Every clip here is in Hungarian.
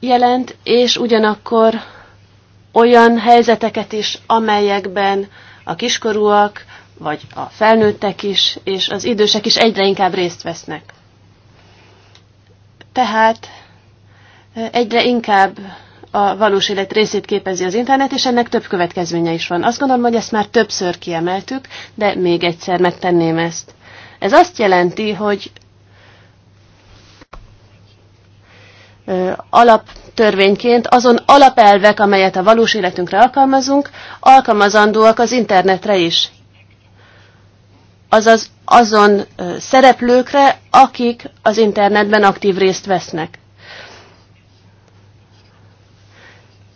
jelent, és ugyanakkor olyan helyzeteket is, amelyekben a kiskorúak, vagy a felnőttek is, és az idősek is egyre inkább részt vesznek. Tehát egyre inkább a valós élet részét képezi az internet, és ennek több következménye is van. Azt gondolom, hogy ezt már többször kiemeltük, de még egyszer megtenném ezt. Ez azt jelenti, hogy alaptörvényként azon alapelvek, amelyet a valós életünkre alkalmazunk, alkalmazandóak az internetre is. Azaz azon szereplőkre, akik az internetben aktív részt vesznek.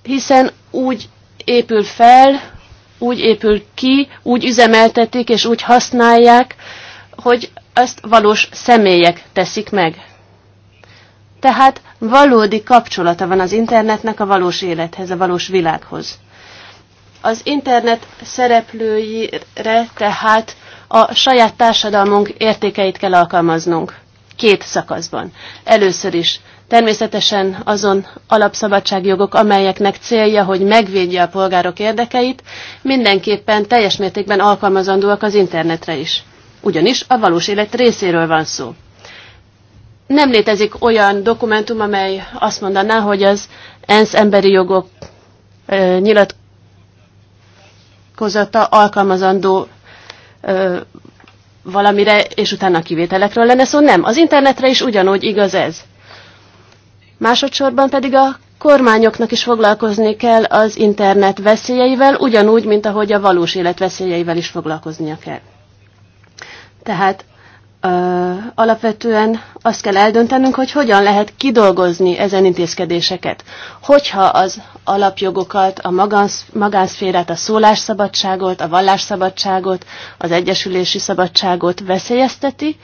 Hiszen úgy épül fel, úgy épül ki, úgy üzemeltetik és úgy használják, hogy ezt valós személyek teszik meg. Tehát valódi kapcsolata van az internetnek a valós élethez, a valós világhoz. Az internet szereplőire tehát a saját társadalmunk értékeit kell alkalmaznunk. Két szakaszban. Először is természetesen azon alapszabadságjogok, amelyeknek célja, hogy megvédje a polgárok érdekeit, mindenképpen teljes mértékben alkalmazandóak az internetre is. Ugyanis a valós élet részéről van szó nem létezik olyan dokumentum, amely azt mondaná, hogy az ENSZ emberi jogok nyilatkozata alkalmazandó valamire, és utána a kivételekről lenne szó. Szóval nem, az internetre is ugyanúgy igaz ez. Másodszorban pedig a kormányoknak is foglalkozni kell az internet veszélyeivel, ugyanúgy, mint ahogy a valós élet veszélyeivel is foglalkoznia kell. Tehát alapvetően azt kell eldöntenünk, hogy hogyan lehet kidolgozni ezen intézkedéseket. Hogyha az alapjogokat, a magánszférát, a szólásszabadságot, a vallásszabadságot, az egyesülési szabadságot veszélyezteti,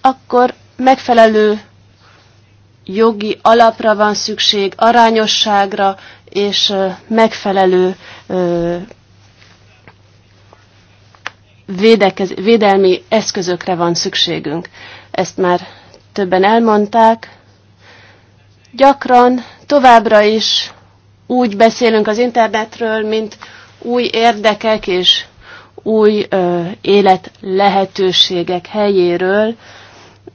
akkor megfelelő jogi alapra van szükség, arányosságra és megfelelő védekez, védelmi eszközökre van szükségünk. Ezt már többen elmondták. Gyakran továbbra is úgy beszélünk az internetről, mint új érdekek és új ö, élet lehetőségek helyéről,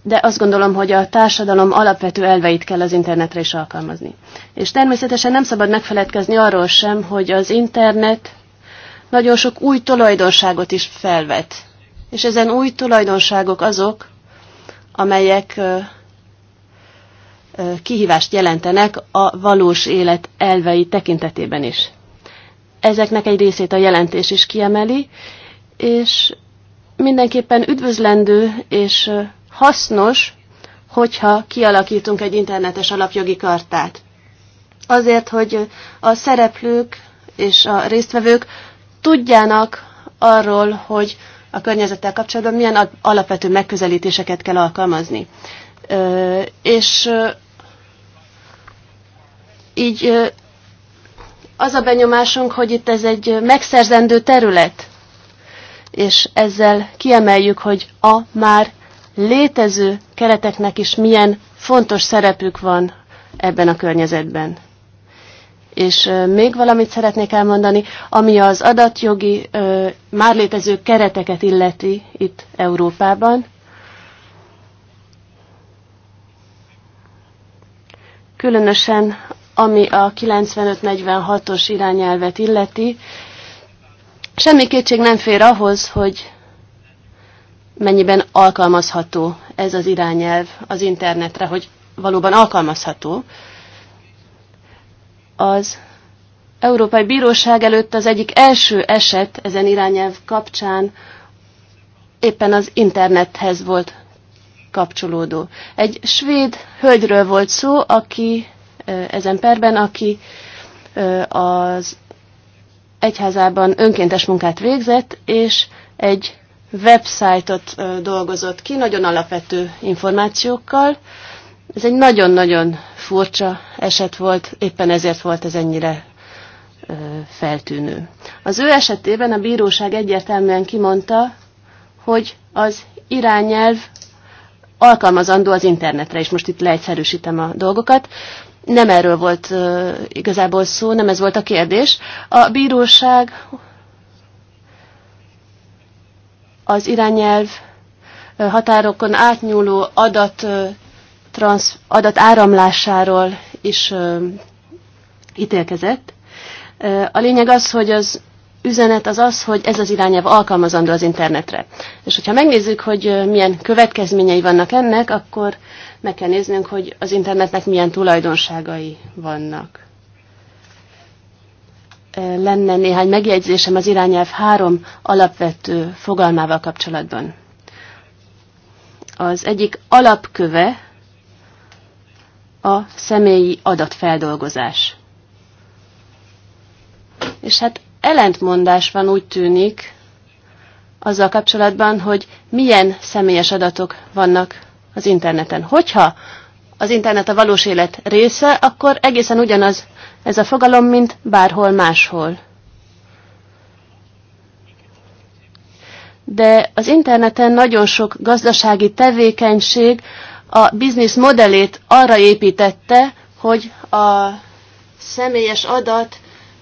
de azt gondolom, hogy a társadalom alapvető elveit kell az internetre is alkalmazni. És természetesen nem szabad megfeledkezni arról sem, hogy az internet nagyon sok új tulajdonságot is felvet. És ezen új tulajdonságok azok, amelyek kihívást jelentenek a valós élet elvei tekintetében is. Ezeknek egy részét a jelentés is kiemeli, és mindenképpen üdvözlendő és hasznos, hogyha kialakítunk egy internetes alapjogi kartát. Azért, hogy a szereplők és a résztvevők tudjanak arról, hogy a környezettel kapcsolatban milyen alapvető megközelítéseket kell alkalmazni. És így az a benyomásunk, hogy itt ez egy megszerzendő terület, és ezzel kiemeljük, hogy a már létező kereteknek is milyen fontos szerepük van ebben a környezetben. És még valamit szeretnék elmondani, ami az adatjogi már létező kereteket illeti itt Európában. Különösen ami a 95-46-os irányelvet illeti, semmi kétség nem fér ahhoz, hogy mennyiben alkalmazható ez az irányelv az internetre, hogy valóban alkalmazható. Az Európai Bíróság előtt az egyik első eset ezen irányelv kapcsán éppen az internethez volt kapcsolódó. Egy svéd hölgyről volt szó, aki ezen perben, aki az egyházában önkéntes munkát végzett, és egy websájtot dolgozott ki, nagyon alapvető információkkal, ez egy nagyon-nagyon furcsa eset volt, éppen ezért volt ez ennyire feltűnő. Az ő esetében a bíróság egyértelműen kimondta, hogy az irányelv alkalmazandó az internetre, és most itt leegyszerűsítem a dolgokat. Nem erről volt uh, igazából szó, nem ez volt a kérdés. A bíróság az irányelv határokon átnyúló adat transz, adat áramlásáról is ö, ítélkezett. A lényeg az, hogy az üzenet az az, hogy ez az irányelv alkalmazandó az internetre. És hogyha megnézzük, hogy milyen következményei vannak ennek, akkor meg kell néznünk, hogy az internetnek milyen tulajdonságai vannak. Lenne néhány megjegyzésem az irányelv három alapvető fogalmával kapcsolatban. Az egyik alapköve a személyi adatfeldolgozás. És hát ellentmondás van úgy tűnik azzal kapcsolatban, hogy milyen személyes adatok vannak az interneten. Hogyha az internet a valós élet része, akkor egészen ugyanaz ez a fogalom, mint bárhol máshol. De az interneten nagyon sok gazdasági tevékenység a biznisz modellét arra építette, hogy a személyes adat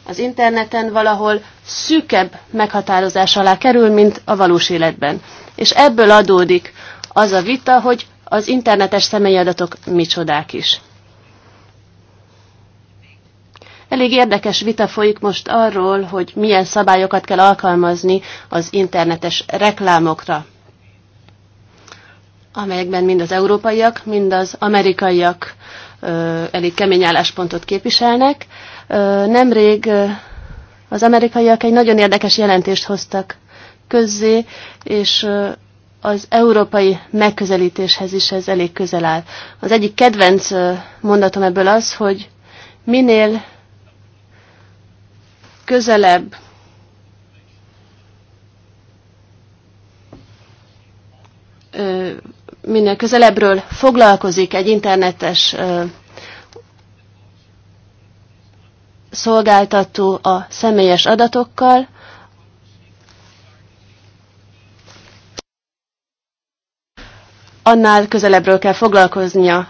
az interneten valahol szűkebb meghatározás alá kerül, mint a valós életben. És ebből adódik az a vita, hogy az internetes személyi adatok micsodák is. Elég érdekes vita folyik most arról, hogy milyen szabályokat kell alkalmazni az internetes reklámokra amelyekben mind az európaiak, mind az amerikaiak elég kemény álláspontot képviselnek. Nemrég az amerikaiak egy nagyon érdekes jelentést hoztak közzé, és az európai megközelítéshez is ez elég közel áll. Az egyik kedvenc mondatom ebből az, hogy minél közelebb minél közelebbről foglalkozik egy internetes szolgáltató a személyes adatokkal, annál közelebbről kell foglalkoznia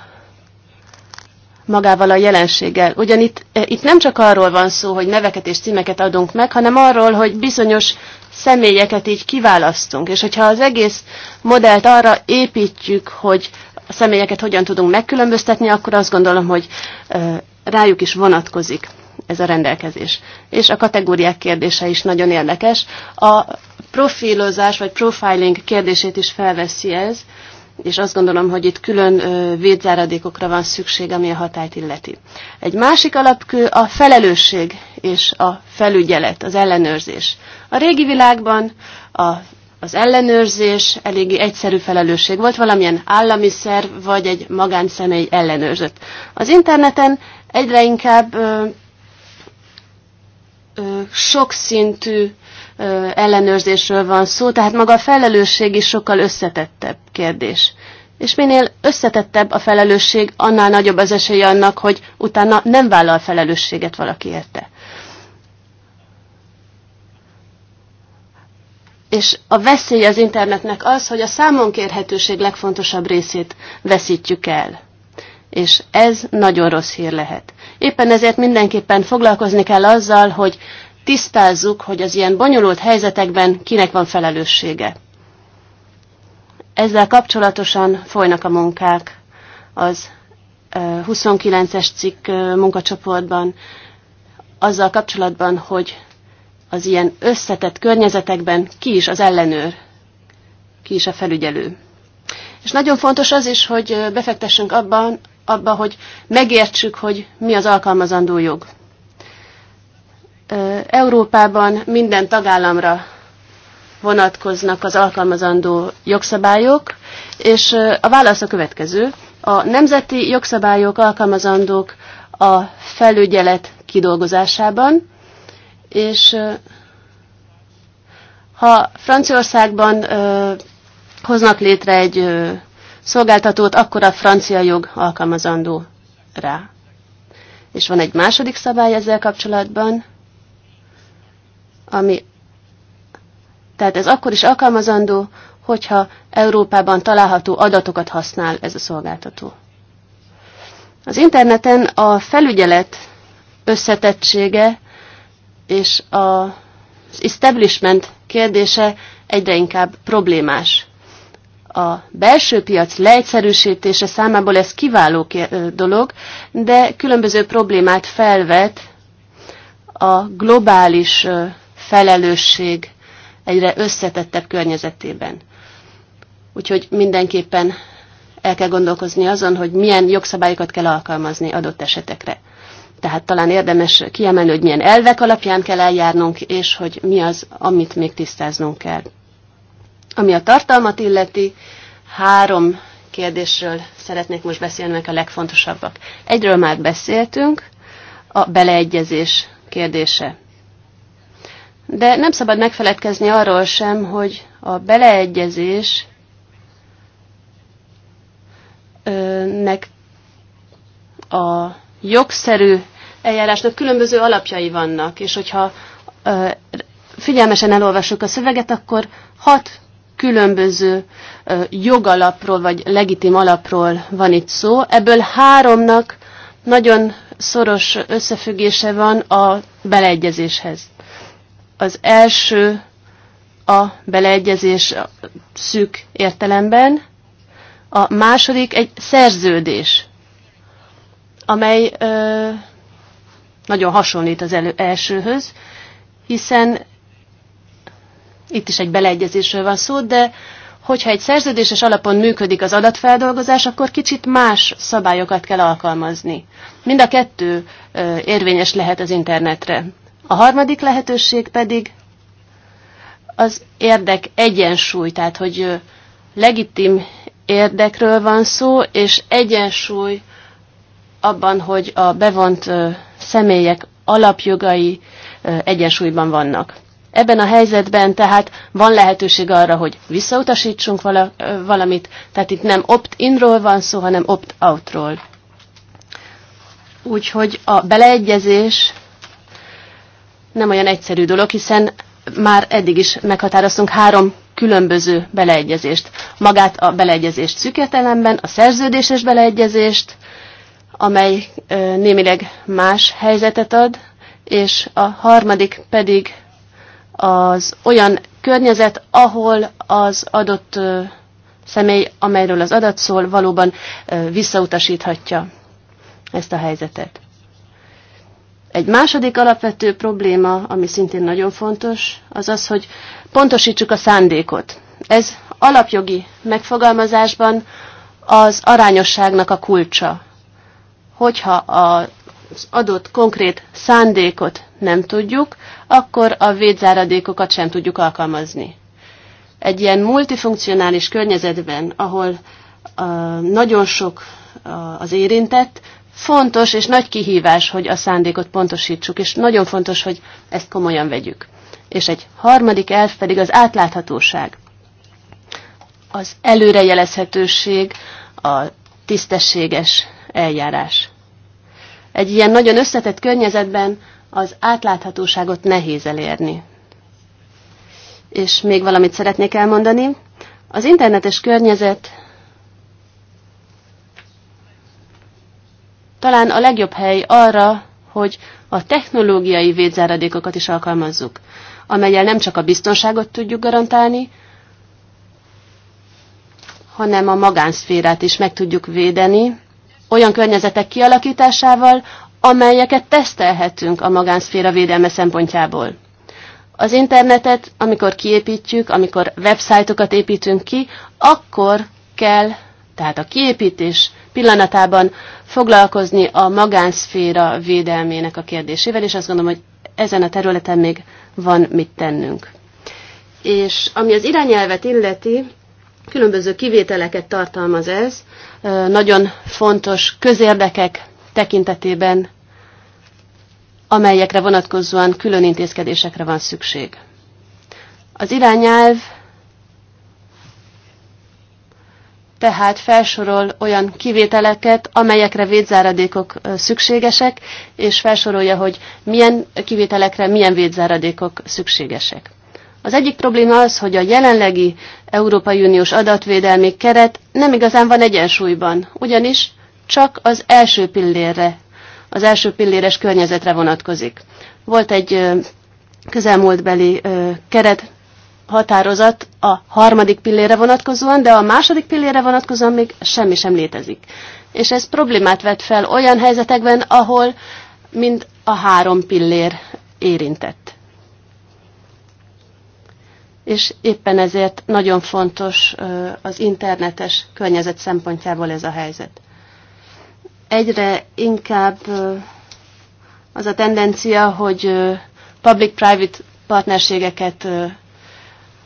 magával a jelenséggel. Ugyan itt, itt nem csak arról van szó, hogy neveket és címeket adunk meg, hanem arról, hogy bizonyos személyeket így kiválasztunk. És hogyha az egész modellt arra építjük, hogy a személyeket hogyan tudunk megkülönböztetni, akkor azt gondolom, hogy rájuk is vonatkozik ez a rendelkezés. És a kategóriák kérdése is nagyon érdekes. A profilozás vagy profiling kérdését is felveszi ez, és azt gondolom, hogy itt külön védzáradékokra van szükség, ami a hatályt illeti. Egy másik alapkő a felelősség és a felügyelet, az ellenőrzés. A régi világban a, az ellenőrzés eléggé egyszerű felelősség volt, valamilyen állami szerv vagy egy magánszemély ellenőrzött. Az interneten egyre inkább ö, ö, sokszintű ö, ellenőrzésről van szó, tehát maga a felelősség is sokkal összetettebb kérdés és minél összetettebb a felelősség, annál nagyobb az esély annak, hogy utána nem vállal felelősséget valaki érte. és a veszély az internetnek az, hogy a számon kérhetőség legfontosabb részét veszítjük el. És ez nagyon rossz hír lehet. Éppen ezért mindenképpen foglalkozni kell azzal, hogy tisztázzuk, hogy az ilyen bonyolult helyzetekben kinek van felelőssége. Ezzel kapcsolatosan folynak a munkák az 29-es cikk munkacsoportban, azzal kapcsolatban, hogy az ilyen összetett környezetekben ki is az ellenőr, ki is a felügyelő. És nagyon fontos az is, hogy befektessünk abban, abba, hogy megértsük, hogy mi az alkalmazandó jog. Európában minden tagállamra vonatkoznak az alkalmazandó jogszabályok, és a válasz a következő. A nemzeti jogszabályok alkalmazandók a felügyelet kidolgozásában, és ha Franciaországban hoznak létre egy szolgáltatót, akkor a francia jog alkalmazandó rá. És van egy második szabály ezzel kapcsolatban, ami, tehát ez akkor is alkalmazandó, hogyha Európában található adatokat használ ez a szolgáltató. Az interneten a felügyelet összetettsége és az establishment kérdése egyre inkább problémás. A belső piac leegyszerűsítése számából ez kiváló dolog, de különböző problémát felvet a globális felelősség egyre összetettebb környezetében. Úgyhogy mindenképpen el kell gondolkozni azon, hogy milyen jogszabályokat kell alkalmazni adott esetekre. Tehát talán érdemes kiemelni, hogy milyen elvek alapján kell eljárnunk, és hogy mi az, amit még tisztáznunk kell. Ami a tartalmat illeti, három kérdésről szeretnék most beszélni, meg a legfontosabbak. Egyről már beszéltünk, a beleegyezés kérdése. De nem szabad megfeledkezni arról sem, hogy a beleegyezés nek a jogszerű eljárásnak különböző alapjai vannak, és hogyha figyelmesen elolvassuk a szöveget, akkor hat különböző jogalapról vagy legitim alapról van itt szó. Ebből háromnak nagyon szoros összefüggése van a beleegyezéshez. Az első a beleegyezés szűk értelemben, a második egy szerződés, amely nagyon hasonlít az elő, elsőhöz, hiszen itt is egy beleegyezésről van szó, de hogyha egy szerződéses alapon működik az adatfeldolgozás, akkor kicsit más szabályokat kell alkalmazni. Mind a kettő érvényes lehet az internetre. A harmadik lehetőség pedig az érdek egyensúly, tehát hogy legitim érdekről van szó, és egyensúly abban, hogy a bevont személyek alapjogai egyensúlyban vannak. Ebben a helyzetben tehát van lehetőség arra, hogy visszautasítsunk vala, valamit, tehát itt nem opt-inról van szó, hanem opt-outról. Úgyhogy a beleegyezés nem olyan egyszerű dolog, hiszen már eddig is meghatároztunk három különböző beleegyezést. Magát a beleegyezést szüketelemben, a szerződéses beleegyezést, amely némileg más helyzetet ad, és a harmadik pedig az olyan környezet, ahol az adott személy, amelyről az adat szól, valóban visszautasíthatja ezt a helyzetet. Egy második alapvető probléma, ami szintén nagyon fontos, az az, hogy pontosítsuk a szándékot. Ez alapjogi megfogalmazásban az arányosságnak a kulcsa hogyha az adott konkrét szándékot nem tudjuk, akkor a védzáradékokat sem tudjuk alkalmazni. Egy ilyen multifunkcionális környezetben, ahol nagyon sok az érintett, fontos és nagy kihívás, hogy a szándékot pontosítsuk, és nagyon fontos, hogy ezt komolyan vegyük. És egy harmadik elf pedig az átláthatóság. Az előrejelezhetőség, a tisztességes eljárás. Egy ilyen nagyon összetett környezetben az átláthatóságot nehéz elérni. És még valamit szeretnék elmondani. Az internetes környezet talán a legjobb hely arra, hogy a technológiai védzáradékokat is alkalmazzuk, amelyel nem csak a biztonságot tudjuk garantálni, hanem a magánszférát is meg tudjuk védeni, olyan környezetek kialakításával, amelyeket tesztelhetünk a magánszféra védelme szempontjából. Az internetet, amikor kiépítjük, amikor websájtokat építünk ki, akkor kell, tehát a kiépítés pillanatában foglalkozni a magánszféra védelmének a kérdésével, és azt gondolom, hogy ezen a területen még van mit tennünk. És ami az irányelvet illeti, különböző kivételeket tartalmaz ez, nagyon fontos közérdekek tekintetében, amelyekre vonatkozóan külön intézkedésekre van szükség. Az irányelv tehát felsorol olyan kivételeket, amelyekre védzáradékok szükségesek, és felsorolja, hogy milyen kivételekre milyen védzáradékok szükségesek. Az egyik probléma az, hogy a jelenlegi Európai Uniós adatvédelmi keret nem igazán van egyensúlyban, ugyanis csak az első pillérre, az első pilléres környezetre vonatkozik. Volt egy közelmúltbeli keret határozat a harmadik pillére vonatkozóan, de a második pillére vonatkozóan még semmi sem létezik. És ez problémát vet fel olyan helyzetekben, ahol mind a három pillér érintett és éppen ezért nagyon fontos az internetes környezet szempontjából ez a helyzet. Egyre inkább az a tendencia, hogy public-private partnerségeket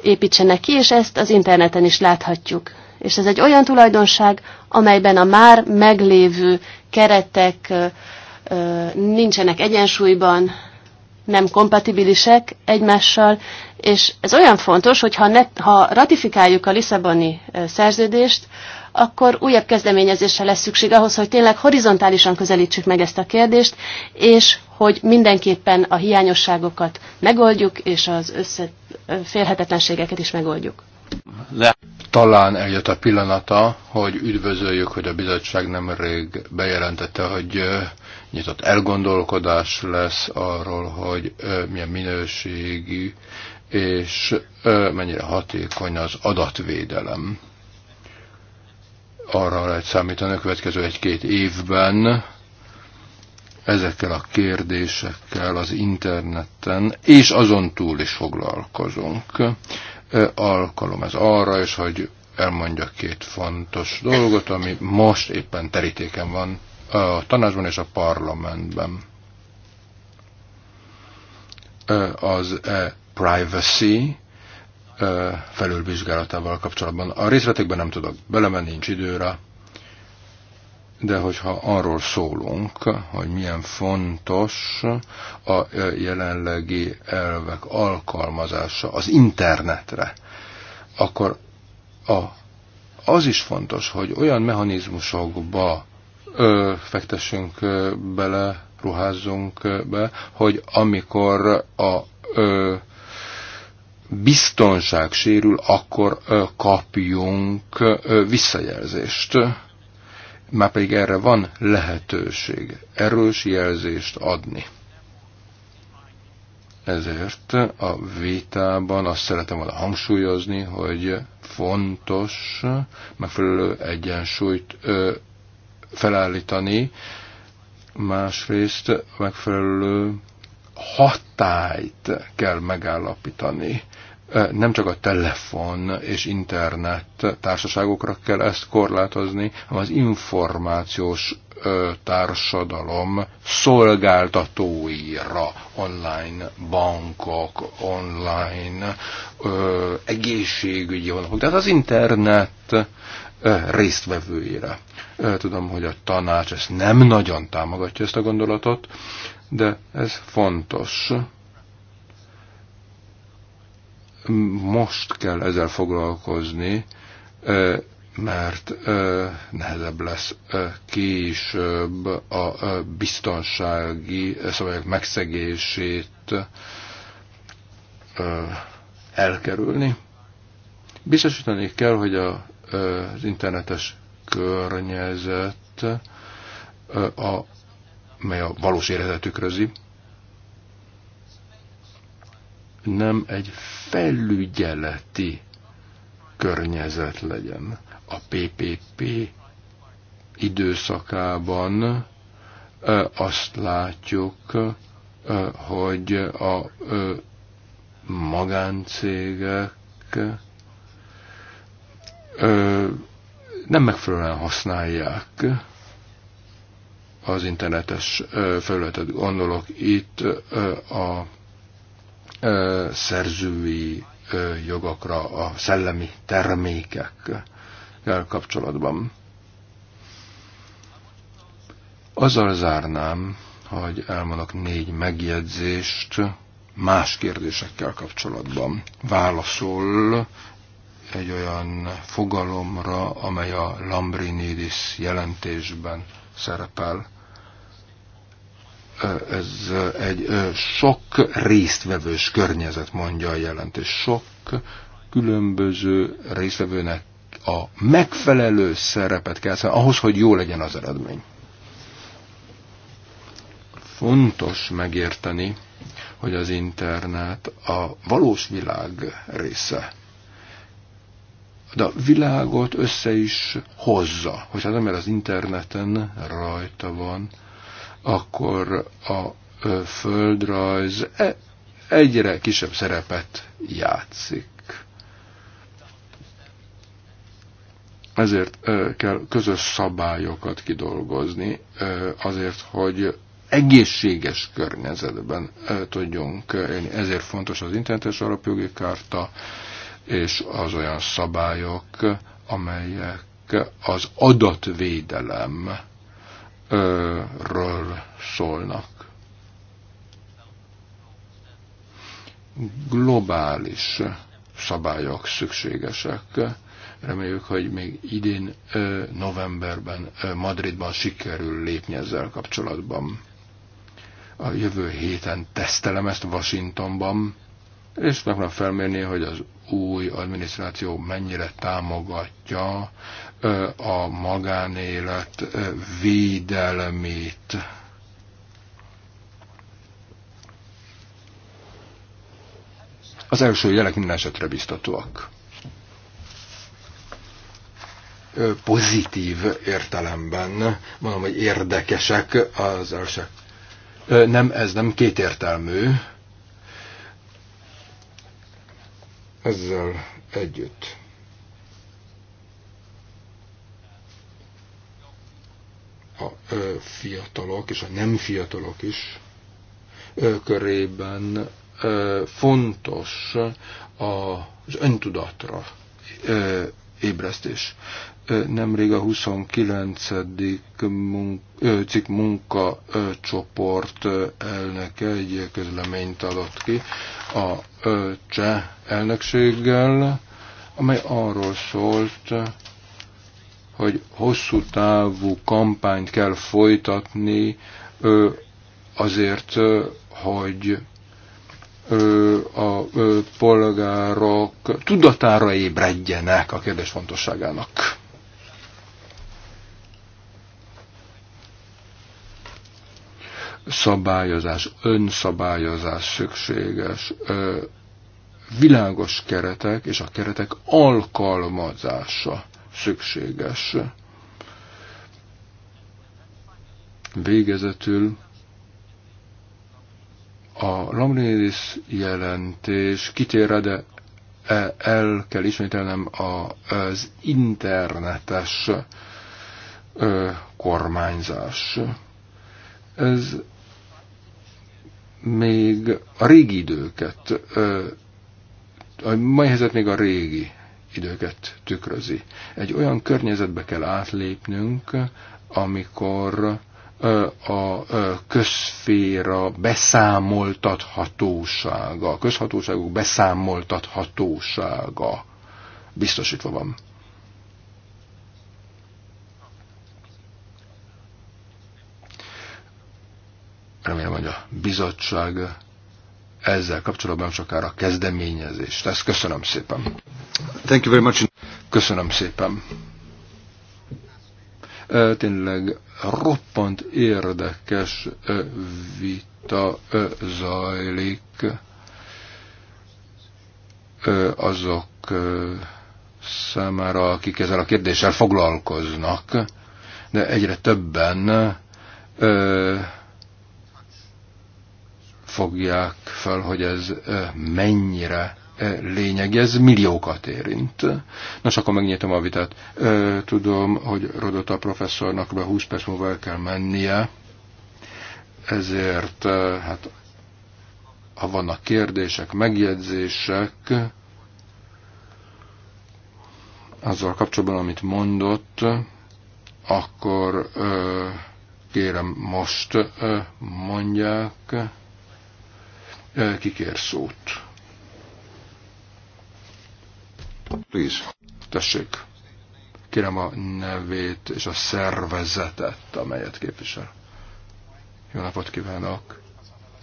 építsenek ki, és ezt az interneten is láthatjuk. És ez egy olyan tulajdonság, amelyben a már meglévő keretek nincsenek egyensúlyban, nem kompatibilisek egymással, és ez olyan fontos, hogy ha, ne, ha ratifikáljuk a Lisszaboni szerződést, akkor újabb kezdeményezésre lesz szükség ahhoz, hogy tényleg horizontálisan közelítsük meg ezt a kérdést, és hogy mindenképpen a hiányosságokat megoldjuk, és az összeférhetetlenségeket is megoldjuk. Le. Talán eljött a pillanata, hogy üdvözöljük, hogy a bizottság nemrég bejelentette, hogy nyitott elgondolkodás lesz arról, hogy milyen minőségű és mennyire hatékony az adatvédelem. Arra lehet számítani a következő egy-két évben, ezekkel a kérdésekkel az interneten, és azon túl is foglalkozunk. Alkalom ez arra is, hogy elmondjak két fontos dolgot, ami most éppen terítéken van a tanácsban és a parlamentben. Az e privacy felülvizsgálatával kapcsolatban. A részletekben nem tudok belemenni, nincs időre, de hogyha arról szólunk, hogy milyen fontos a jelenlegi elvek alkalmazása az internetre, akkor a, az is fontos, hogy olyan mechanizmusokba ö, fektessünk bele, ruházzunk be, hogy amikor a ö, biztonság sérül, akkor ö, kapjunk ö, visszajelzést. Már pedig erre van lehetőség erős jelzést adni. Ezért a vétában azt szeretem volna hangsúlyozni, hogy fontos megfelelő egyensúlyt felállítani, másrészt megfelelő hatályt kell megállapítani. Nem csak a telefon és internet társaságokra kell ezt korlátozni, hanem az információs társadalom szolgáltatóira, online bankok, online ö, egészségügyi vonatok, tehát az internet ö, résztvevőire. Tudom, hogy a tanács ezt nem nagyon támogatja ezt a gondolatot, de ez fontos. Most kell ezzel foglalkozni, mert nehezebb lesz később a biztonsági szabályok megszegését elkerülni. Biztosítani kell, hogy a, az internetes környezet, a, mely a valós életet tükrözi, nem egy felügyeleti környezet legyen. A PPP időszakában azt látjuk, hogy a magáncégek nem megfelelően használják az internetes felületet. Gondolok itt a szerzői jogokra, a szellemi termékekkel kapcsolatban. Azzal zárnám, hogy elmondok négy megjegyzést más kérdésekkel kapcsolatban. Válaszol egy olyan fogalomra, amely a Lambrinidis jelentésben szerepel. Ez egy sok résztvevős környezet, mondja a jelentés. Sok különböző résztvevőnek a megfelelő szerepet kell szállni, ahhoz, hogy jó legyen az eredmény. Fontos megérteni, hogy az internet a valós világ része de a világot össze is hozza. Hogyha nem ember az interneten rajta van, akkor a földrajz e, egyre kisebb szerepet játszik. Ezért kell közös szabályokat kidolgozni, azért, hogy egészséges környezetben tudjunk élni. Ezért fontos az internetes alapjogi kárta, és az olyan szabályok, amelyek az adatvédelemről szólnak. Globális szabályok szükségesek. Reméljük, hogy még idén novemberben Madridban sikerül lépni ezzel kapcsolatban. A jövő héten tesztelem ezt Washingtonban, és meg felmérni, hogy az új adminisztráció mennyire támogatja a magánélet védelmét. Az első jelek minden esetre biztatóak. Pozitív értelemben, mondom, hogy érdekesek az első. Nem, ez nem kétértelmű, ezzel együtt. A fiatalok és a nem fiatalok is körében fontos az öntudatra ébresztés nemrég a 29. cikk munkacsoport elnöke egy közleményt adott ki a cseh elnökséggel, amely arról szólt, hogy hosszú távú kampányt kell folytatni azért, hogy a polgárok tudatára ébredjenek a kérdés fontosságának. szabályozás, önszabályozás szükséges, világos keretek és a keretek alkalmazása szükséges. Végezetül a Lamrinidis jelentés kitér, de e, el kell ismételnem az internetes kormányzás. Ez még a régi időket, a mai helyzet még a régi időket tükrözi. Egy olyan környezetbe kell átlépnünk, amikor a közféra beszámoltathatósága, a közhatóságok beszámoltathatósága biztosítva van. Remélem, hogy a bizottság ezzel kapcsolatban sokára kezdeményezést tesz. Köszönöm szépen. Thank you very much. Köszönöm szépen. Tényleg roppant érdekes vita zajlik azok számára, akik ezzel a kérdéssel foglalkoznak, de egyre többen fogják fel, hogy ez mennyire lényeg, ez milliókat érint. Nos, akkor megnyitom a vitát. Tudom, hogy Rodota professzornak be 20 perc múlva el kell mennie, ezért hát, ha vannak kérdések, megjegyzések, azzal kapcsolatban, amit mondott, akkor ö, kérem most ö, mondják kikér szót. Please. Tessék. Kérem a nevét és a szervezetet, amelyet képvisel. Jó napot kívánok!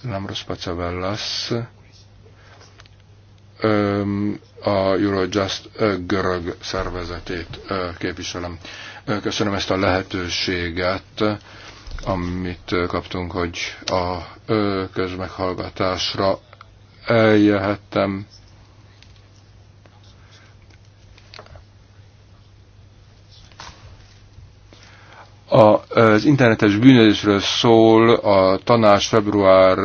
Lamros lesz. a Eurojust görög szervezetét képviselem. Köszönöm ezt a lehetőséget, amit kaptunk, hogy a közmeghallgatásra eljöhettem. A, az internetes bűnözésről szól a tanács február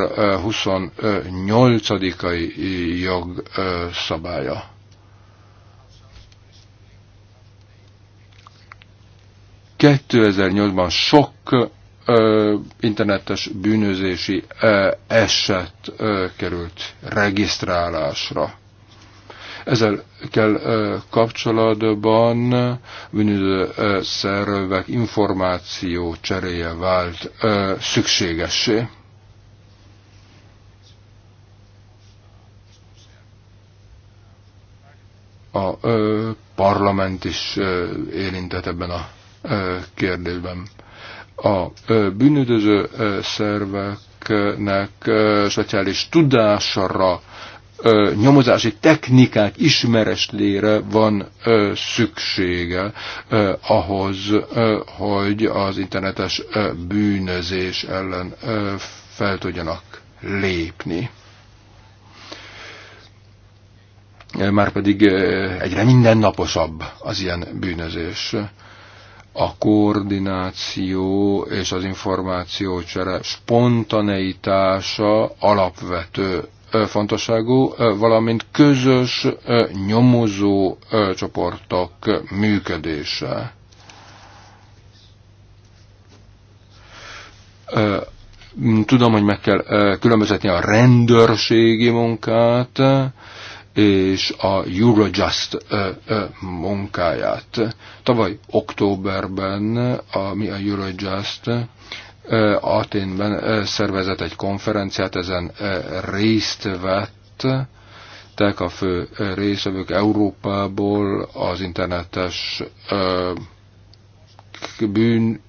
28-ai jogszabálya. Kettőezer-nyolcban sok ö, internetes bűnözési ö, eset ö, került regisztrálásra. Ezzel kell ö, kapcsolatban bűnöző szervek információ cseréje vált ö, szükségessé. A ö, parlament is ö, érintett ebben a ö, kérdésben a bűnüldöző szerveknek speciális tudásra, nyomozási technikák ismeretlére van szüksége ahhoz, hogy az internetes bűnözés ellen fel tudjanak lépni. Márpedig egyre mindennaposabb az ilyen bűnözés a koordináció és az információcsere spontaneitása alapvető fontosságú, valamint közös nyomozó csoportok működése. Tudom, hogy meg kell különbözetni a rendőrségi munkát, és a Eurojust munkáját. Tavaly októberben a, mi a Eurojust Aténben szervezett egy konferenciát, ezen részt vett tehát a fő részvevők Európából, az internetes bűn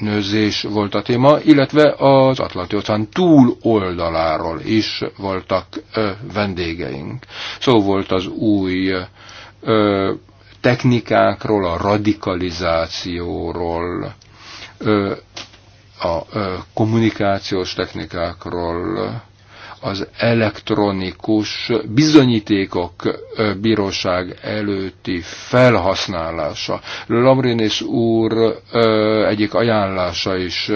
nőzés volt a téma, illetve az Atlanti óceán túl oldaláról is voltak vendégeink. Szó szóval volt az új technikákról, a radikalizációról, a kommunikációs technikákról, az elektronikus bizonyítékok bíróság előtti felhasználása. Lamrinis úr egyik ajánlása is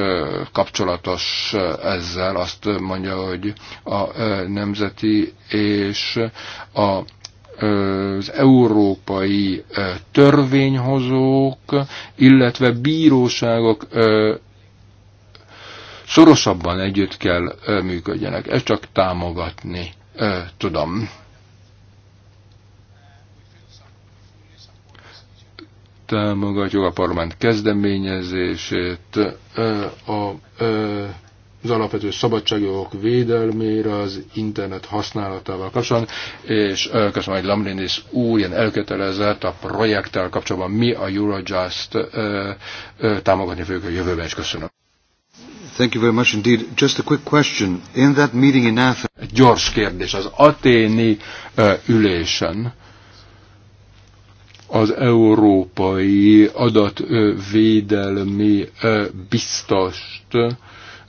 kapcsolatos ezzel, azt mondja, hogy a nemzeti és a az európai törvényhozók, illetve bíróságok szorosabban együtt kell működjenek. Ezt csak támogatni tudom. Támogatjuk a parlament kezdeményezését a az alapvető szabadságjogok védelmére az internet használatával kapcsolatban, és köszönöm, hogy Lamrinis úr ilyen elkötelezett a projekttel kapcsolatban mi a Eurojust támogatni fogjuk a jövőben, és köszönöm. Thank you very much indeed. Just a quick question. In that meeting in Athens... Gyors kérdés. Az aténi uh, ülésen az európai adatvédelmi uh, biztost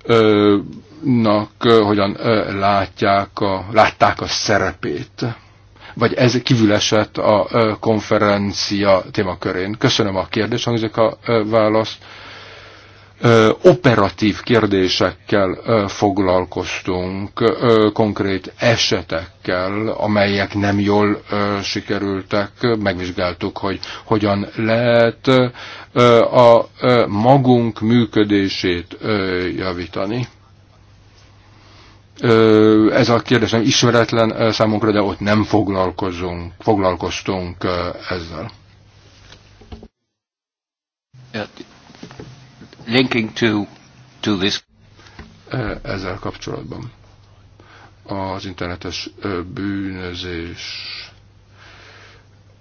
uh, nak hogyan látják a, látták a szerepét. Vagy ez kívül esett a konferencia témakörén. Köszönöm a kérdést, hangzik a választ operatív kérdésekkel foglalkoztunk, konkrét esetekkel, amelyek nem jól sikerültek, megvizsgáltuk, hogy hogyan lehet a magunk működését javítani. Ez a kérdés nem ismeretlen számunkra, de ott nem foglalkozunk, foglalkoztunk ezzel linking to, to this. E, ezzel kapcsolatban az internetes e, bűnözés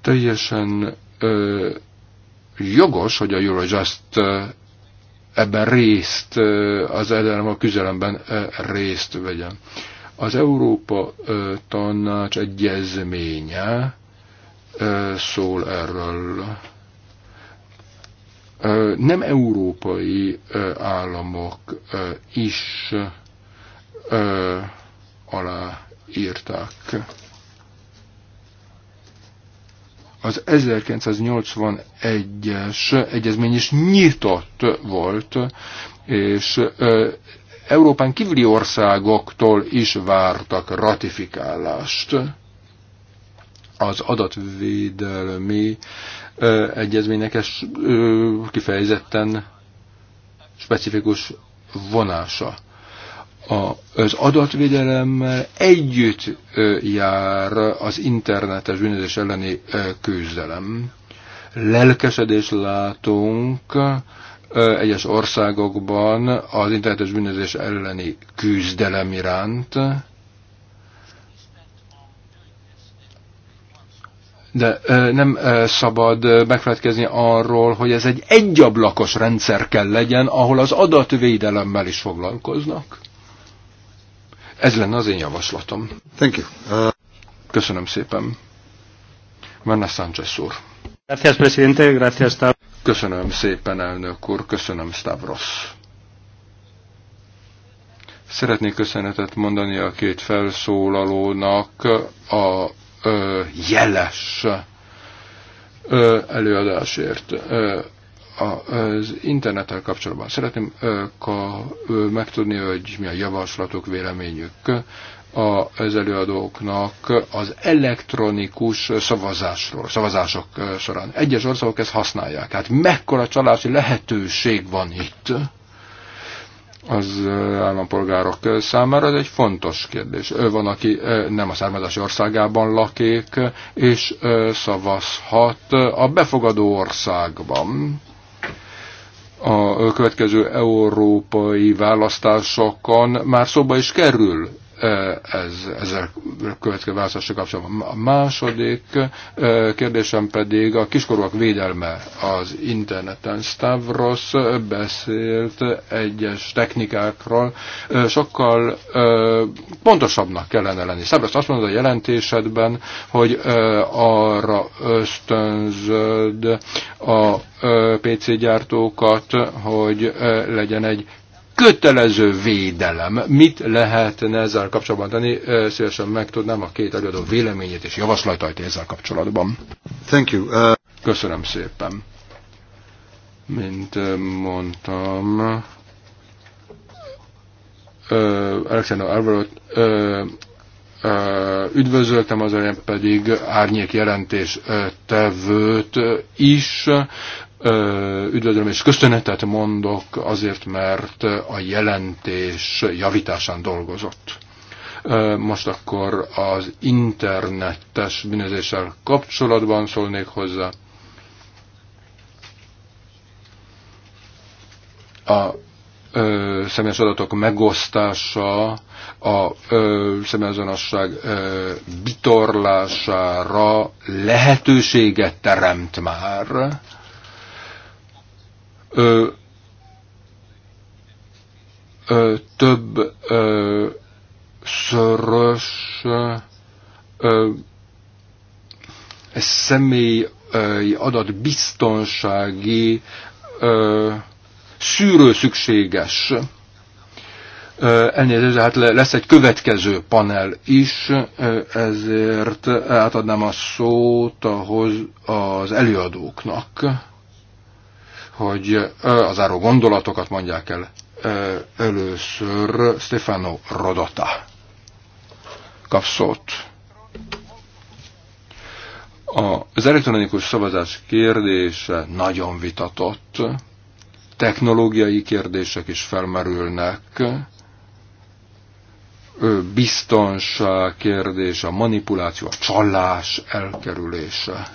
teljesen e, jogos, hogy a Eurojust ebben részt, az ellenem a küzdelemben részt vegyen. Az Európa Tanács egyezménye szól erről nem európai államok is aláírták. Az 1981-es egyezmény is nyitott volt, és Európán kívüli országoktól is vártak ratifikálást az adatvédelmi ö, egyezménynek ez ö, kifejezetten specifikus vonása. A, az adatvédelemmel együtt ö, jár az internetes bűnözés elleni ö, küzdelem. Lelkesedés látunk ö, egyes országokban az internetes bűnözés elleni küzdelem iránt de nem szabad megfelelkezni arról, hogy ez egy egyablakos rendszer kell legyen, ahol az adatvédelemmel is foglalkoznak. Ez lenne az én javaslatom. Thank you. Uh... Köszönöm szépen. Vanna Sánchez úr. Gracias, presidente. Gracias, Stav. Köszönöm szépen, elnök úr. Köszönöm, Stavros. Szeretnék köszönetet mondani a két felszólalónak a jeles előadásért az internettel kapcsolatban. Szeretném megtudni, hogy mi a javaslatok, véleményük az előadóknak az elektronikus szavazásról, szavazások során. Egyes országok ezt használják. Hát mekkora csalási lehetőség van itt? az állampolgárok számára ez egy fontos kérdés. Ő Van, aki nem a származási országában lakik, és szavazhat a befogadó országban. A következő európai választásokon már szóba is kerül ez, ezzel következő választásra kapcsolatban. A második kérdésem pedig a kiskorúak védelme az interneten. Stavros beszélt egyes technikákról, sokkal pontosabbnak kellene lenni. Stavros azt mondta a jelentésedben, hogy arra ösztönzöd a PC gyártókat, hogy legyen egy kötelező védelem. Mit lehetne ezzel kapcsolatban tenni? Szívesen megtudnám a két előadó véleményét és javaslatait ezzel kapcsolatban. Thank you. Uh... Köszönöm szépen. Mint mondtam, uh, Alexander Alvarot uh, üdvözöltem, az pedig árnyék jelentés tevőt is, üdvözlöm és köszönetet mondok azért, mert a jelentés javításán dolgozott. Most akkor az internetes bűnözéssel kapcsolatban szólnék hozzá. A ö, személyes adatok megosztása, a ö, személyazonosság ö, bitorlására lehetőséget teremt már ö, ö, több ö, szörös ö, biztonsági ö, szűrő szükséges. ez, hát lesz egy következő panel is, ezért átadnám a szót ahhoz az előadóknak hogy az áró gondolatokat mondják el először Stefano Rodota. Kap szót. Az elektronikus szavazás kérdése nagyon vitatott. Technológiai kérdések is felmerülnek. Biztonság kérdése, a manipuláció, a csalás elkerülése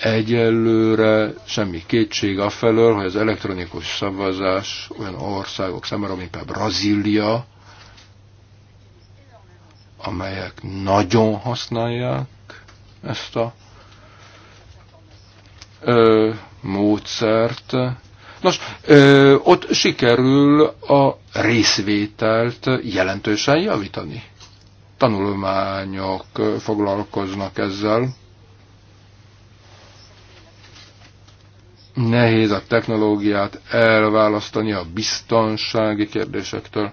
Egyelőre semmi kétség afelől, hogy az elektronikus szavazás olyan országok számára, mint például Brazília, amelyek nagyon használják ezt a ö, módszert. Nos, ö, ott sikerül a részvételt jelentősen javítani. Tanulmányok foglalkoznak ezzel Nehéz a technológiát elválasztani a biztonsági kérdésektől.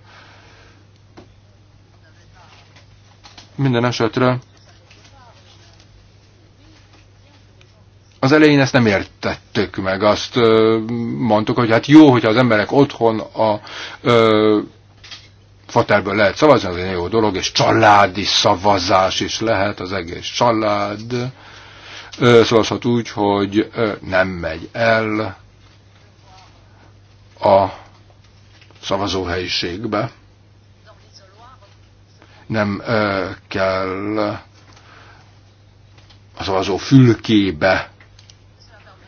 Minden esetre az elején ezt nem értettük meg. Azt ö, mondtuk, hogy hát jó, hogyha az emberek otthon a ö, fotelből lehet szavazni, az egy jó dolog, és családi szavazás is lehet, az egész család szavazhat szóval úgy, hogy nem megy el a szavazóhelyiségbe. Nem kell a szavazó fülkébe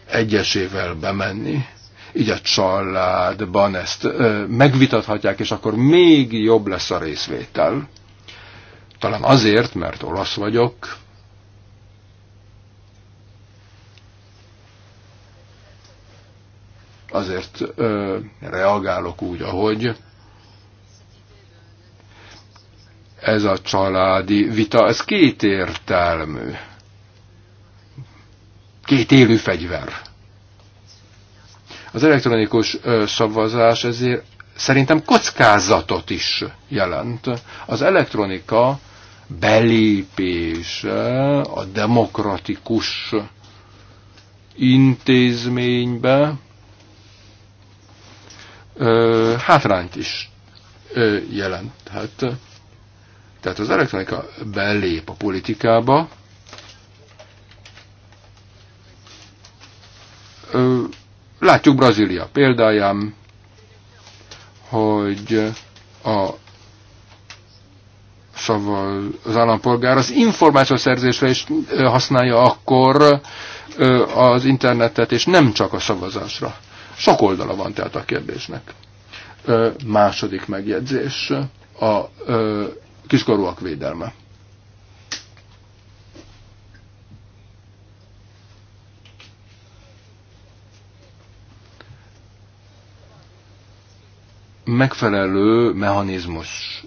egyesével bemenni, így a családban ezt ö, megvitathatják, és akkor még jobb lesz a részvétel. Talán azért, mert olasz vagyok, azért ö, reagálok úgy, ahogy ez a családi vita, ez két értelmű, Két élő fegyver. Az elektronikus szavazás ezért szerintem kockázatot is jelent. Az elektronika belépése a demokratikus intézménybe ö, hátrányt is ö, jelenthet. Tehát az elektronika belép a politikába, látjuk Brazília példáján, hogy a szóval az állampolgár az információszerzésre is használja akkor az internetet, és nem csak a szavazásra. Sok oldala van tehát a kérdésnek. Ö, második megjegyzés a ö, kiskorúak védelme. Megfelelő mechanizmus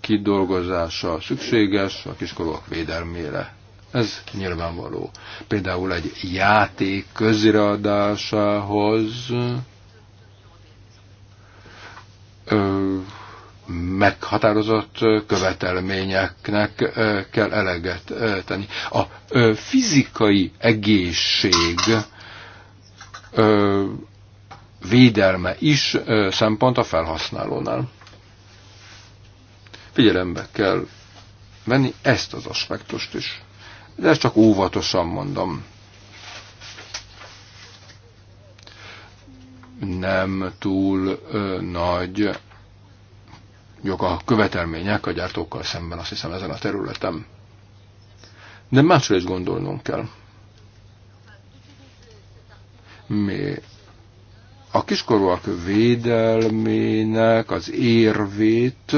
kidolgozása szükséges a kiskorúak védelmére ez nyilvánvaló. Például egy játék közreadásához ö, meghatározott követelményeknek kell eleget tenni. A fizikai egészség védelme is szempont a felhasználónál. Figyelembe kell venni ezt az aspektust is de ezt csak óvatosan mondom. Nem túl ö, nagy jog a követelmények a gyártókkal szemben, azt hiszem ezen a területen. De másról is gondolnunk kell. Mi a kiskorúak védelmének az érvét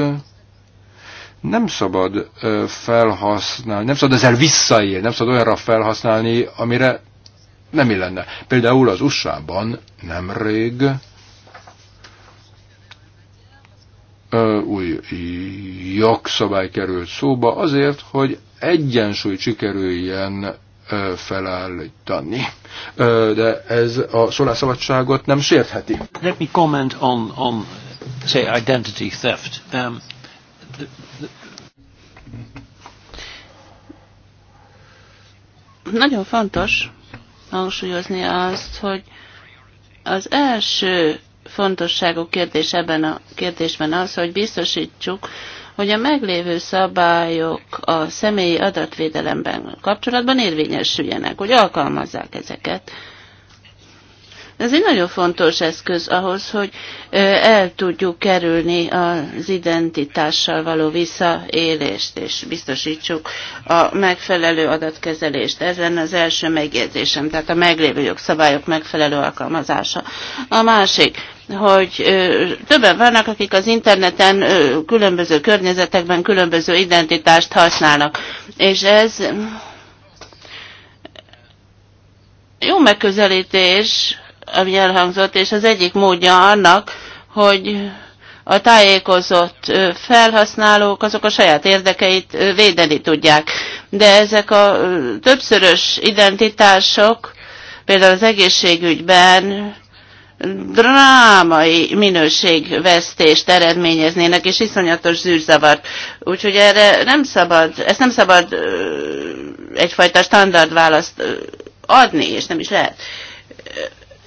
nem szabad felhasználni, nem szabad ezzel visszaélni, nem szabad olyanra felhasználni, amire nem illenne. Például az USA-ban nemrég új jogszabály került szóba azért, hogy egyensúly sikerüljen felállítani. De ez a szólásszabadságot nem sértheti. Let me comment on, on say, identity theft. Um, nagyon fontos hangsúlyozni azt, hogy az első fontosságú kérdés ebben a kérdésben az, hogy biztosítsuk, hogy a meglévő szabályok a személyi adatvédelemben kapcsolatban érvényesüljenek, hogy alkalmazzák ezeket. Ez egy nagyon fontos eszköz ahhoz, hogy el tudjuk kerülni az identitással való visszaélést, és biztosítsuk a megfelelő adatkezelést. Ez lenne az első megjegyzésem, tehát a meglévő jogszabályok megfelelő alkalmazása. A másik, hogy többen vannak, akik az interneten különböző környezetekben különböző identitást használnak. És ez jó megközelítés, ami elhangzott, és az egyik módja annak, hogy a tájékozott felhasználók azok a saját érdekeit védeni tudják. De ezek a többszörös identitások, például az egészségügyben drámai minőségvesztést eredményeznének, és iszonyatos zűrzavart. Úgyhogy erre nem szabad, ezt nem szabad egyfajta standardválaszt adni, és nem is lehet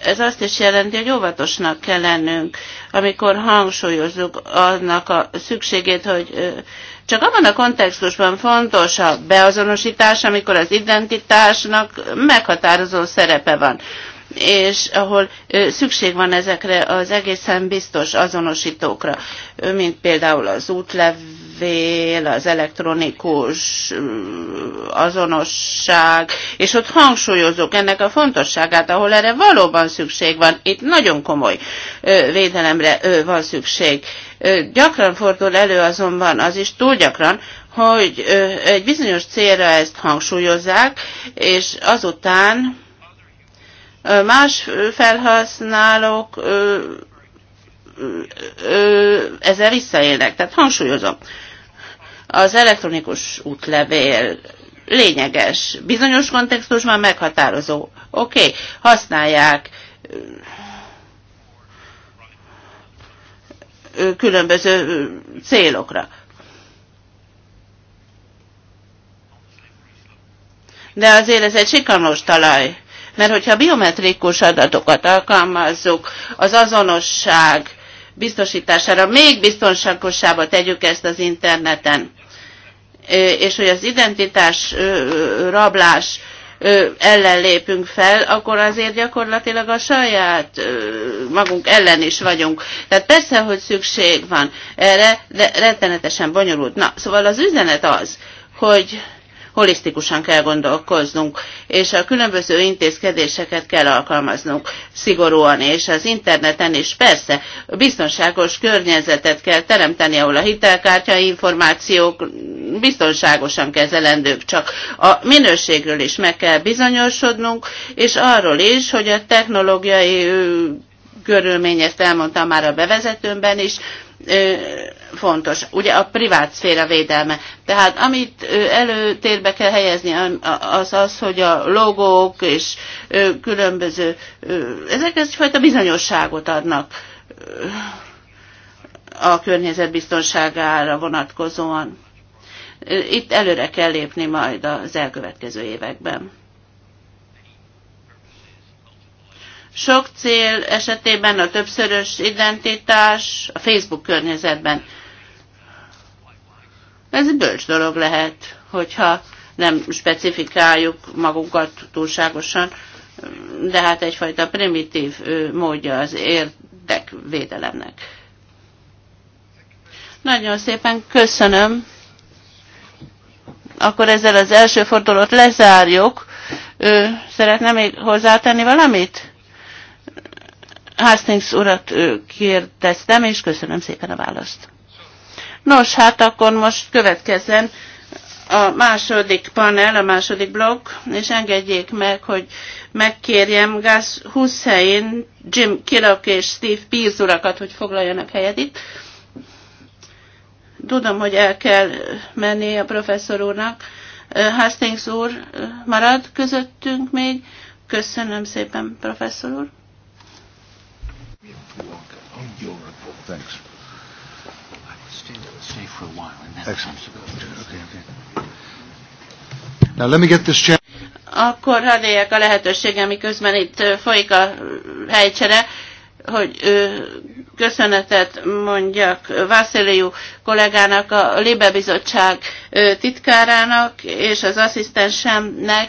ez azt is jelenti, hogy óvatosnak kell lennünk, amikor hangsúlyozzuk annak a szükségét, hogy csak abban a kontextusban fontos a beazonosítás, amikor az identitásnak meghatározó szerepe van és ahol szükség van ezekre az egészen biztos azonosítókra, mint például az útlev, levél, az elektronikus mm, azonosság, és ott hangsúlyozok ennek a fontosságát, ahol erre valóban szükség van. Itt nagyon komoly védelemre van szükség. Gyakran fordul elő azonban az is, túl gyakran, hogy egy bizonyos célra ezt hangsúlyozzák, és azután más felhasználók ezzel visszaélnek. Tehát hangsúlyozom, az elektronikus útlevél lényeges, bizonyos kontextusban meghatározó. Oké, okay, használják különböző célokra. De azért ez egy sikanos talaj, mert hogyha biometrikus adatokat alkalmazzuk, az azonosság biztosítására még biztonságosabbá tegyük ezt az interneten. És hogy az identitás rablás ellen lépünk fel, akkor azért gyakorlatilag a saját magunk ellen is vagyunk. Tehát persze, hogy szükség van erre, de rettenetesen bonyolult. Na, szóval az üzenet az, hogy holisztikusan kell gondolkoznunk, és a különböző intézkedéseket kell alkalmaznunk szigorúan, és az interneten is persze biztonságos környezetet kell teremteni, ahol a hitelkártya információk biztonságosan kezelendők, csak a minőségről is meg kell bizonyosodnunk, és arról is, hogy a technológiai körülmény, ezt elmondtam már a bevezetőmben is, fontos. Ugye a privát szféra védelme. Tehát amit előtérbe kell helyezni, az az, hogy a logók és különböző, ezek egyfajta bizonyosságot adnak a környezetbiztonságára vonatkozóan. Itt előre kell lépni majd az elkövetkező években. Sok cél esetében a többszörös identitás a Facebook környezetben. Ez egy bölcs dolog lehet, hogyha nem specifikáljuk magunkat túlságosan, de hát egyfajta primitív módja az érdekvédelemnek. Nagyon szépen köszönöm. Akkor ezzel az első fordulót lezárjuk. szeretne még hozzátenni valamit? Hastings urat kérdeztem, és köszönöm szépen a választ. Nos, hát akkor most következzen a második panel, a második blokk, és engedjék meg, hogy megkérjem Gász Hussein, Jim Kilok és Steve Pierce urakat, hogy foglaljanak helyet itt. Tudom, hogy el kell menni a professzor úrnak. Hastings úr marad közöttünk még. Köszönöm szépen, professzor úr. Oh, Thanks. I stay, stay for a while and then Okay, okay. Now let me get this chair. Akkor hadd éljek a lehetőségem, miközben itt folyik a helycsere, hogy ö, köszönetet mondjak Vásziliu kollégának, a Libe Bizottság ö, titkárának és az asszisztensemnek,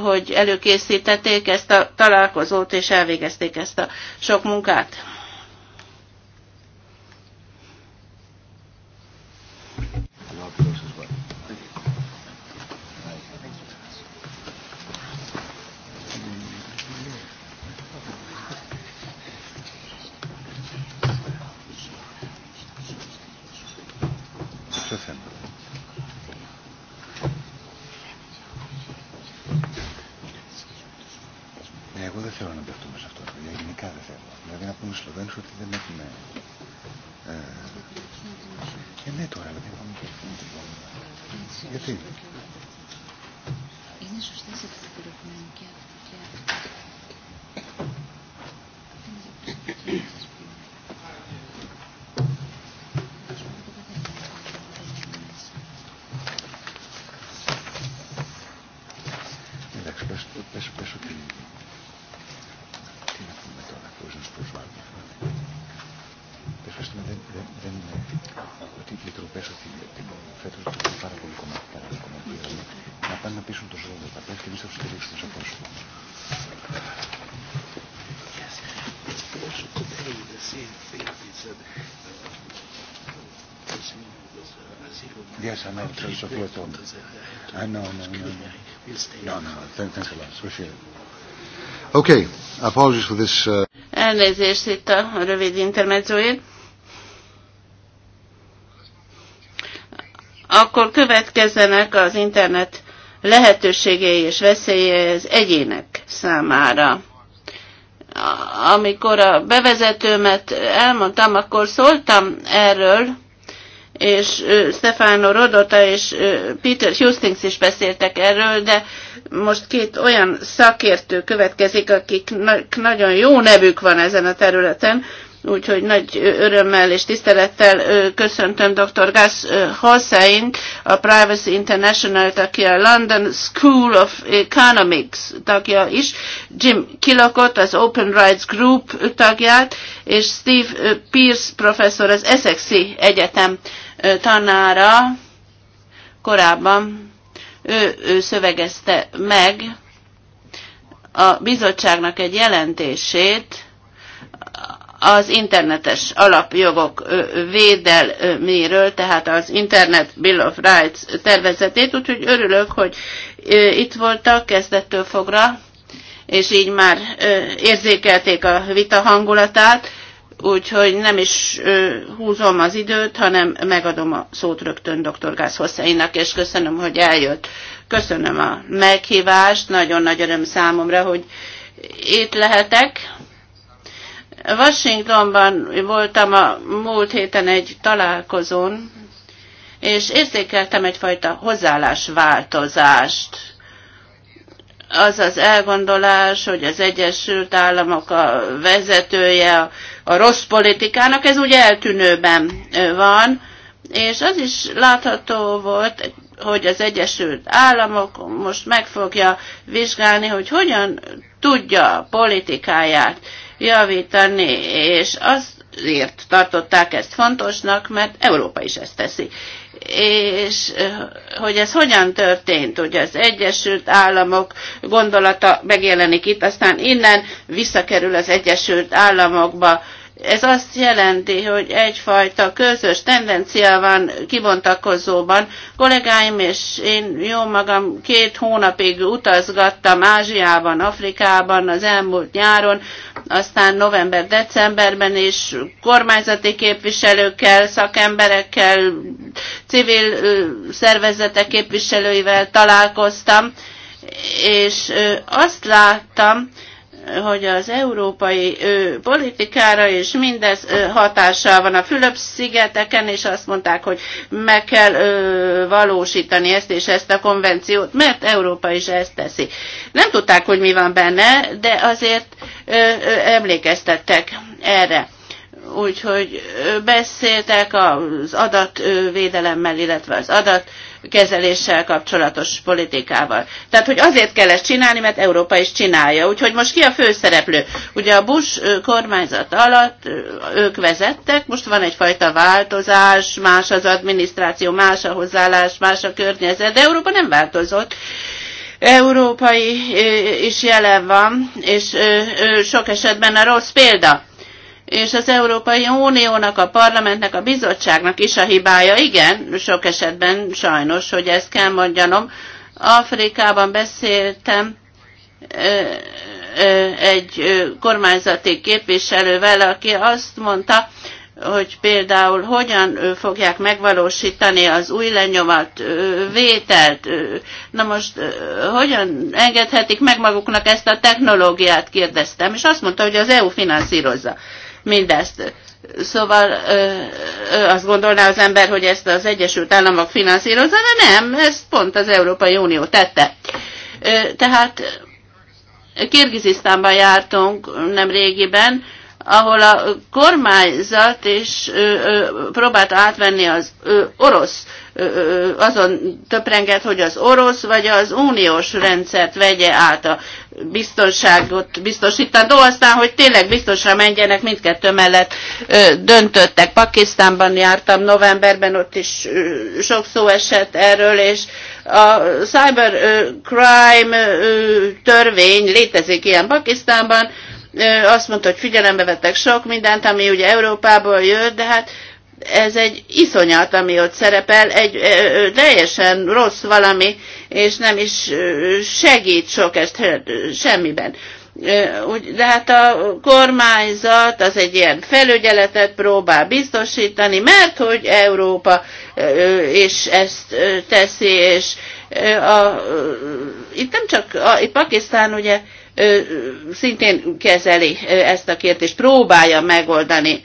hogy előkészítették ezt a találkozót, és elvégezték ezt a sok munkát. μου Σλοβαίνους ότι δεν έχουν... Ε, ε, ναι τώρα, αλλά δεν είπαμε και αυτό. Γιατί. Είναι σωστές αυτές οι is of close one. I know, no, no, no. No, no, thanks a lot. Appreciate it. Okay, apologies for this. Uh... Elnézést itt a rövid intermedzóért. Akkor következzenek az internet lehetőségei és veszélye az egyének számára amikor a bevezetőmet elmondtam, akkor szóltam erről, és Stefano Rodota és Peter Hustings is beszéltek erről, de most két olyan szakértő következik, akik nagyon jó nevük van ezen a területen, Úgyhogy nagy örömmel és tisztelettel köszöntöm dr. Gas hossein a Privacy International-t, aki a London School of Economics tagja is, Jim Kilokot, az Open Rights Group tagját, és Steve Pierce professzor az Essexi Egyetem tanára korábban ő, ő szövegezte meg a bizottságnak egy jelentését az internetes alapjogok védelméről, tehát az Internet Bill of Rights tervezetét, úgyhogy örülök, hogy itt voltak kezdettől fogra, és így már érzékelték a vita hangulatát úgyhogy nem is húzom az időt, hanem megadom a szót rögtön dr. Gász Hosszainak, és köszönöm, hogy eljött. Köszönöm a meghívást, nagyon nagy öröm számomra, hogy itt lehetek. Washingtonban voltam a múlt héten egy találkozón, és érzékeltem egyfajta hozzáállásváltozást. Az az elgondolás, hogy az Egyesült Államok a vezetője, a a rossz politikának, ez úgy eltűnőben van, és az is látható volt, hogy az Egyesült Államok most meg fogja vizsgálni, hogy hogyan tudja a politikáját javítani, és azért tartották ezt fontosnak, mert Európa is ezt teszi. És hogy ez hogyan történt, hogy az Egyesült Államok gondolata megjelenik itt, aztán innen visszakerül az Egyesült Államokba, ez azt jelenti, hogy egyfajta közös tendencia van kibontakozóban. Kollégáim és én jó magam két hónapig utazgattam Ázsiában, Afrikában az elmúlt nyáron, aztán november-decemberben is kormányzati képviselőkkel, szakemberekkel, civil szervezetek képviselőivel találkoztam, és azt láttam, hogy az európai ö, politikára és mindez ö, hatással van a Fülöp-szigeteken, és azt mondták, hogy meg kell ö, valósítani ezt és ezt a konvenciót, mert Európa is ezt teszi. Nem tudták, hogy mi van benne, de azért ö, ö, emlékeztettek erre. Úgyhogy beszéltek az adatvédelemmel, illetve az adat kezeléssel kapcsolatos politikával. Tehát, hogy azért kell ezt csinálni, mert Európa is csinálja. Úgyhogy most ki a főszereplő? Ugye a Bush kormányzat alatt ők vezettek, most van egyfajta változás, más az adminisztráció, más a hozzáállás, más a környezet, de Európa nem változott európai is jelen van, és sok esetben a rossz példa és az Európai Uniónak, a parlamentnek, a bizottságnak is a hibája. Igen, sok esetben sajnos, hogy ezt kell mondjanom. Afrikában beszéltem egy kormányzati képviselővel, aki azt mondta, hogy például hogyan fogják megvalósítani az új lenyomat vételt. Na most hogyan engedhetik meg maguknak ezt a technológiát, kérdeztem, és azt mondta, hogy az EU finanszírozza mindezt. Szóval ö, ö, azt gondolná az ember, hogy ezt az Egyesült Államok finanszírozza, de nem, ezt pont az Európai Unió tette. Ö, tehát Kirgizisztánban jártunk nem régiben, ahol a kormányzat is ö, ö, próbálta átvenni az ö, orosz, ö, ö, azon töprengett, hogy az orosz vagy az uniós rendszert vegye át a biztonságot biztosítandó, aztán, hogy tényleg biztosra menjenek, mindkettő mellett ö, döntöttek. Pakisztánban jártam novemberben, ott is ö, sok szó esett erről, és a cybercrime törvény létezik ilyen Pakisztánban, azt mondta, hogy figyelembe vettek sok mindent, ami ugye Európából jött, de hát ez egy iszonyat, ami ott szerepel, egy teljesen rossz valami, és nem is segít sok ezt semmiben. De hát a kormányzat az egy ilyen felügyeletet próbál biztosítani, mert hogy Európa és ezt teszi, és a, itt nem csak a, a Pakisztán ugye szintén kezeli ezt a kérdést, próbálja megoldani.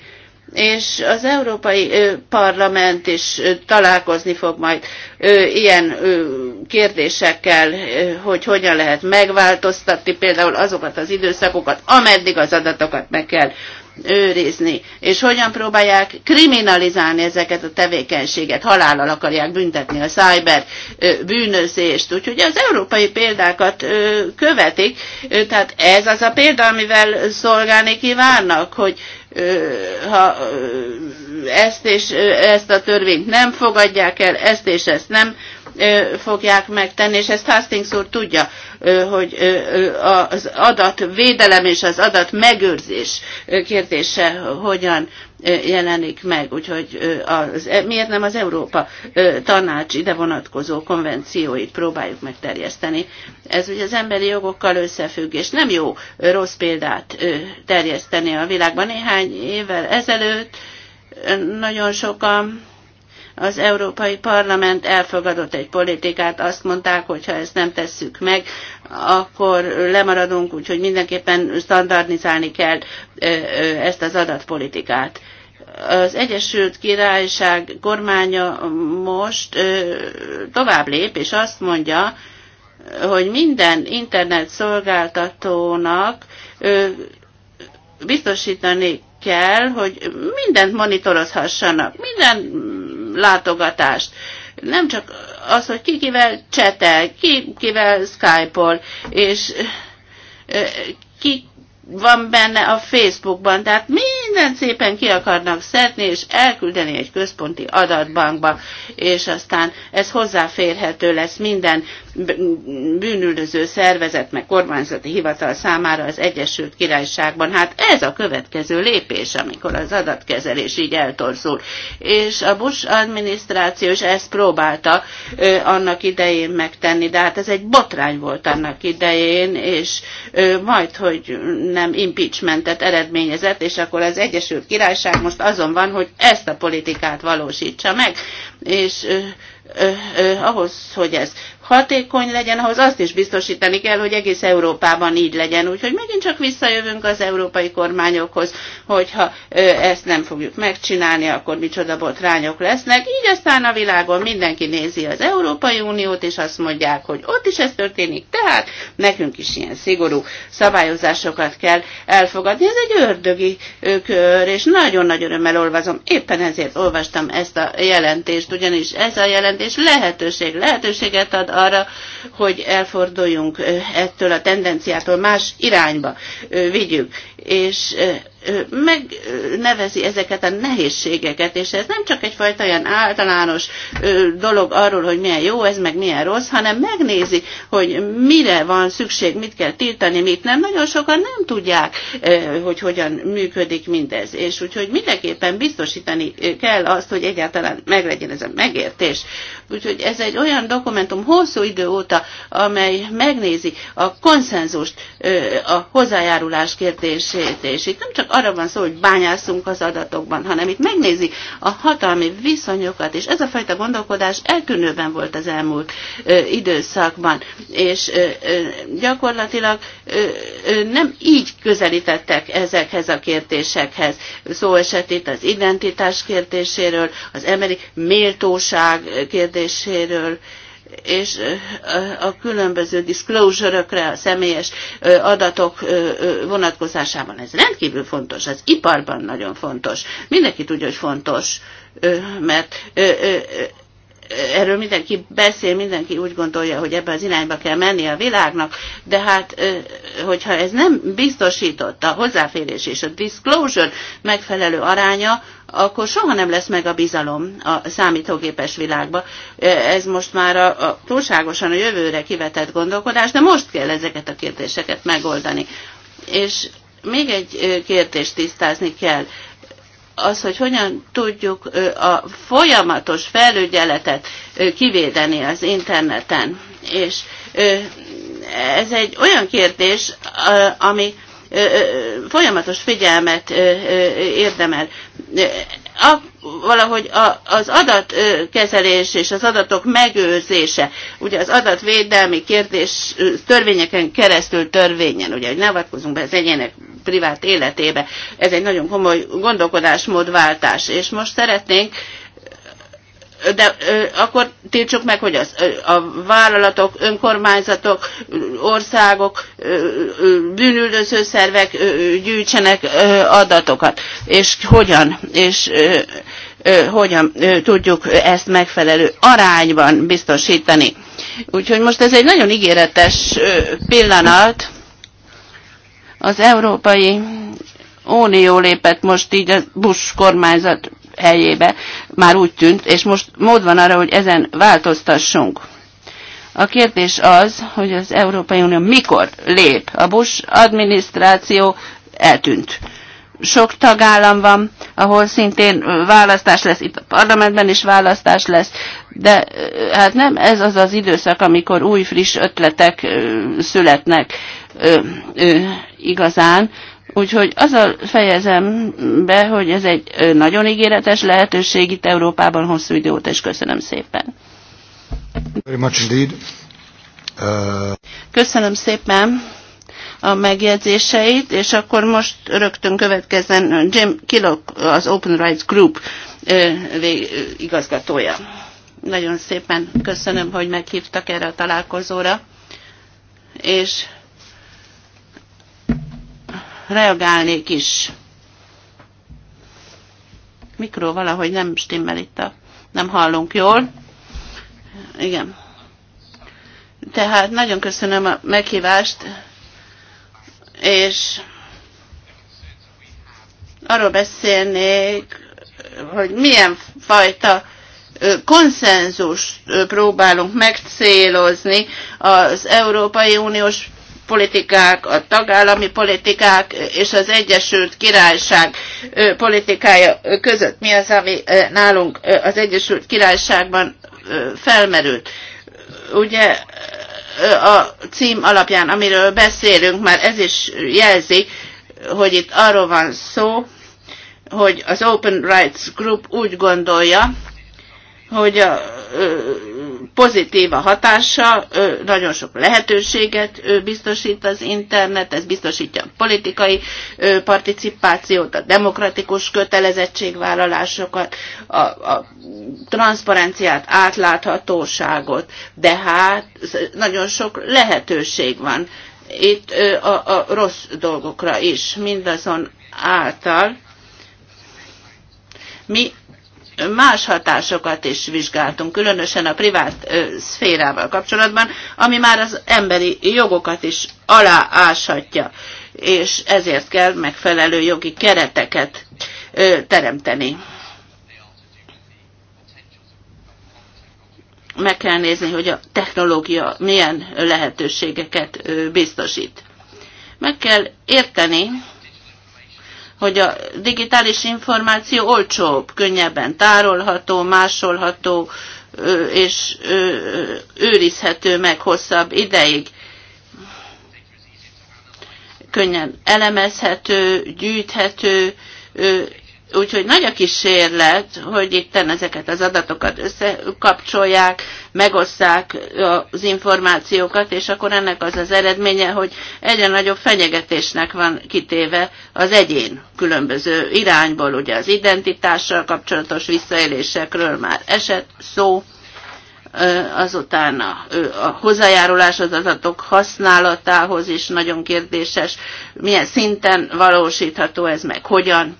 És az Európai Parlament is találkozni fog majd ilyen kérdésekkel, hogy hogyan lehet megváltoztatni például azokat az időszakokat, ameddig az adatokat meg kell őrizni, és hogyan próbálják kriminalizálni ezeket a tevékenységet, halállal akarják büntetni a szájber bűnözést. Úgyhogy az európai példákat követik, tehát ez az a példa, amivel szolgálni kívánnak, hogy ha ezt és ezt a törvényt nem fogadják el, ezt és ezt nem fogják megtenni, és ezt Hastings úr tudja, hogy az adatvédelem és az adat megőrzés kérdése hogyan jelenik meg, úgyhogy az, e, miért nem az Európa tanács ide vonatkozó konvencióit próbáljuk megterjeszteni. Ez ugye az emberi jogokkal összefügg, és nem jó rossz példát terjeszteni a világban. Néhány évvel ezelőtt nagyon sokan az Európai Parlament elfogadott egy politikát, azt mondták, hogy ha ezt nem tesszük meg, akkor lemaradunk, úgyhogy mindenképpen standardizálni kell ezt az adatpolitikát az Egyesült Királyság kormánya most tovább lép, és azt mondja, hogy minden internet szolgáltatónak biztosítani kell, hogy mindent monitorozhassanak, minden látogatást. Nem csak az, hogy ki kivel csetel, ki kivel skype-ol, és ki van benne a Facebookban, tehát minden szépen ki akarnak szedni, és elküldeni egy központi adatbankba, és aztán ez hozzáférhető lesz minden bűnüldöző szervezet meg kormányzati hivatal számára az Egyesült Királyságban. Hát ez a következő lépés, amikor az adatkezelés így eltorzul. És a Bush adminisztráció is ezt próbálta ö, annak idején megtenni, de hát ez egy botrány volt annak idején, és ö, majd, hogy nem impeachmentet eredményezett, és akkor az Egyesült Királyság most azon van, hogy ezt a politikát valósítsa meg, és ö, ahhoz, hogy ez hatékony legyen, ahhoz azt is biztosítani kell, hogy egész Európában így legyen. Úgyhogy megint csak visszajövünk az európai kormányokhoz, hogyha ezt nem fogjuk megcsinálni, akkor micsoda botrányok lesznek. Így aztán a világon mindenki nézi az Európai Uniót, és azt mondják, hogy ott is ez történik, tehát nekünk is ilyen szigorú szabályozásokat kell elfogadni. Ez egy ördögi kör, és nagyon nagy örömmel olvasom. Éppen ezért olvastam ezt a jelentést, ugyanis ez a jelentés lehetőség, lehetőséget ad a arra, hogy elforduljunk eh, ettől a tendenciától más irányba eh, vigyük. És eh, megnevezi ezeket a nehézségeket, és ez nem csak egyfajta olyan általános dolog arról, hogy milyen jó ez, meg milyen rossz, hanem megnézi, hogy mire van szükség, mit kell tiltani, mit nem. Nagyon sokan nem tudják, hogy hogyan működik mindez, és úgyhogy mindenképpen biztosítani kell azt, hogy egyáltalán meglegyen ez a megértés. Úgyhogy ez egy olyan dokumentum hosszú idő óta, amely megnézi a konszenzust, a hozzájárulás kérdését, és itt nem csak arra van szó, hogy bányászunk az adatokban, hanem itt megnézi a hatalmi viszonyokat, és ez a fajta gondolkodás eltűnőben volt az elmúlt ö, időszakban, és ö, ö, gyakorlatilag ö, ö, nem így közelítettek ezekhez a kérdésekhez. Szó esett itt az identitás kérdéséről, az emberi méltóság kérdéséről, és a különböző disclosure-ökre, a személyes adatok vonatkozásában ez rendkívül fontos, az iparban nagyon fontos. Mindenki tudja, hogy fontos, mert erről mindenki beszél, mindenki úgy gondolja, hogy ebbe az irányba kell menni a világnak, de hát, hogyha ez nem biztosította a hozzáférés és a disclosure megfelelő aránya, akkor soha nem lesz meg a bizalom a számítógépes világba. Ez most már a, a túlságosan a jövőre kivetett gondolkodás, de most kell ezeket a kérdéseket megoldani. És még egy kérdést tisztázni kell az, hogy hogyan tudjuk a folyamatos felügyeletet kivédeni az interneten. És ez egy olyan kérdés, ami folyamatos figyelmet érdemel. A, valahogy a, az adatkezelés és az adatok megőrzése, ugye az adatvédelmi kérdés törvényeken keresztül törvényen, ugye, hogy ne avatkozunk be az egyének privát életébe. Ez egy nagyon komoly gondolkodásmódváltás, és most szeretnénk de ö, akkor tiltsuk meg, hogy az, ö, a vállalatok, önkormányzatok, országok, ö, ö, bűnüldöző szervek ö, gyűjtsenek ö, adatokat. És hogyan? És ö, ö, hogyan ö, tudjuk ezt megfelelő arányban biztosítani? Úgyhogy most ez egy nagyon ígéretes pillanat, az Európai Unió lépett most így a Bush kormányzat helyébe, már úgy tűnt, és most mód van arra, hogy ezen változtassunk. A kérdés az, hogy az Európai Unió mikor lép. A Bush adminisztráció eltűnt. Sok tagállam van, ahol szintén választás lesz, itt a parlamentben is választás lesz, de hát nem ez az az időszak, amikor új, friss ötletek születnek igazán. Úgyhogy azzal fejezem be, hogy ez egy nagyon ígéretes lehetőség itt Európában hosszú időt, és köszönöm szépen. Uh, köszönöm szépen a megjegyzéseit, és akkor most rögtön következzen Jim Kilok, az Open Rights Group igazgatója. Nagyon szépen köszönöm, hogy meghívtak erre a találkozóra, és reagálnék is. Mikro valahogy nem stimmel itt a... Nem hallunk jól. Igen. Tehát nagyon köszönöm a meghívást, és arról beszélnék, hogy milyen fajta konszenzust próbálunk megcélozni az Európai Uniós politikák, a tagállami politikák és az Egyesült Királyság politikája között. Mi az, ami nálunk az Egyesült Királyságban felmerült? Ugye a cím alapján, amiről beszélünk, már ez is jelzi, hogy itt arról van szó, hogy az Open Rights Group úgy gondolja, hogy a pozitív a hatása, nagyon sok lehetőséget biztosít az internet, ez biztosítja a politikai participációt, a demokratikus kötelezettségvállalásokat, a, a transzparenciát, átláthatóságot, de hát nagyon sok lehetőség van itt a, a rossz dolgokra is, mindazon által mi más hatásokat is vizsgáltunk, különösen a privát szférával kapcsolatban, ami már az emberi jogokat is alááshatja, és ezért kell megfelelő jogi kereteket teremteni. Meg kell nézni, hogy a technológia milyen lehetőségeket biztosít. Meg kell érteni, hogy a digitális információ olcsóbb, könnyebben tárolható, másolható és őrizhető meg hosszabb ideig. Könnyen elemezhető, gyűjthető, Úgyhogy nagy a kísérlet, hogy itt ezeket az adatokat összekapcsolják, megosszák az információkat, és akkor ennek az az eredménye, hogy egyre nagyobb fenyegetésnek van kitéve az egyén különböző irányból, ugye az identitással kapcsolatos visszaélésekről már esett szó, azután a, a hozzájárulás az adatok használatához is nagyon kérdéses, milyen szinten valósítható ez meg, hogyan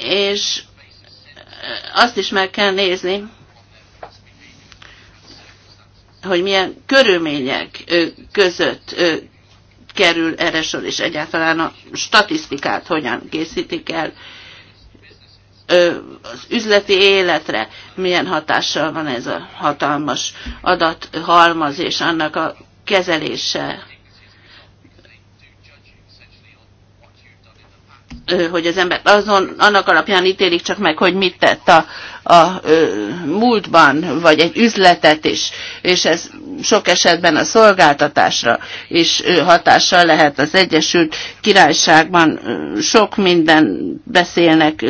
és azt is meg kell nézni, hogy milyen körülmények között kerül erre sor, és egyáltalán a statisztikát hogyan készítik el az üzleti életre, milyen hatással van ez a hatalmas adathalmaz és annak a kezelése. hogy az embert azon, annak alapján ítélik csak meg, hogy mit tett a, a múltban, vagy egy üzletet is, és ez sok esetben a szolgáltatásra is hatással lehet. Az Egyesült Királyságban sok minden beszélnek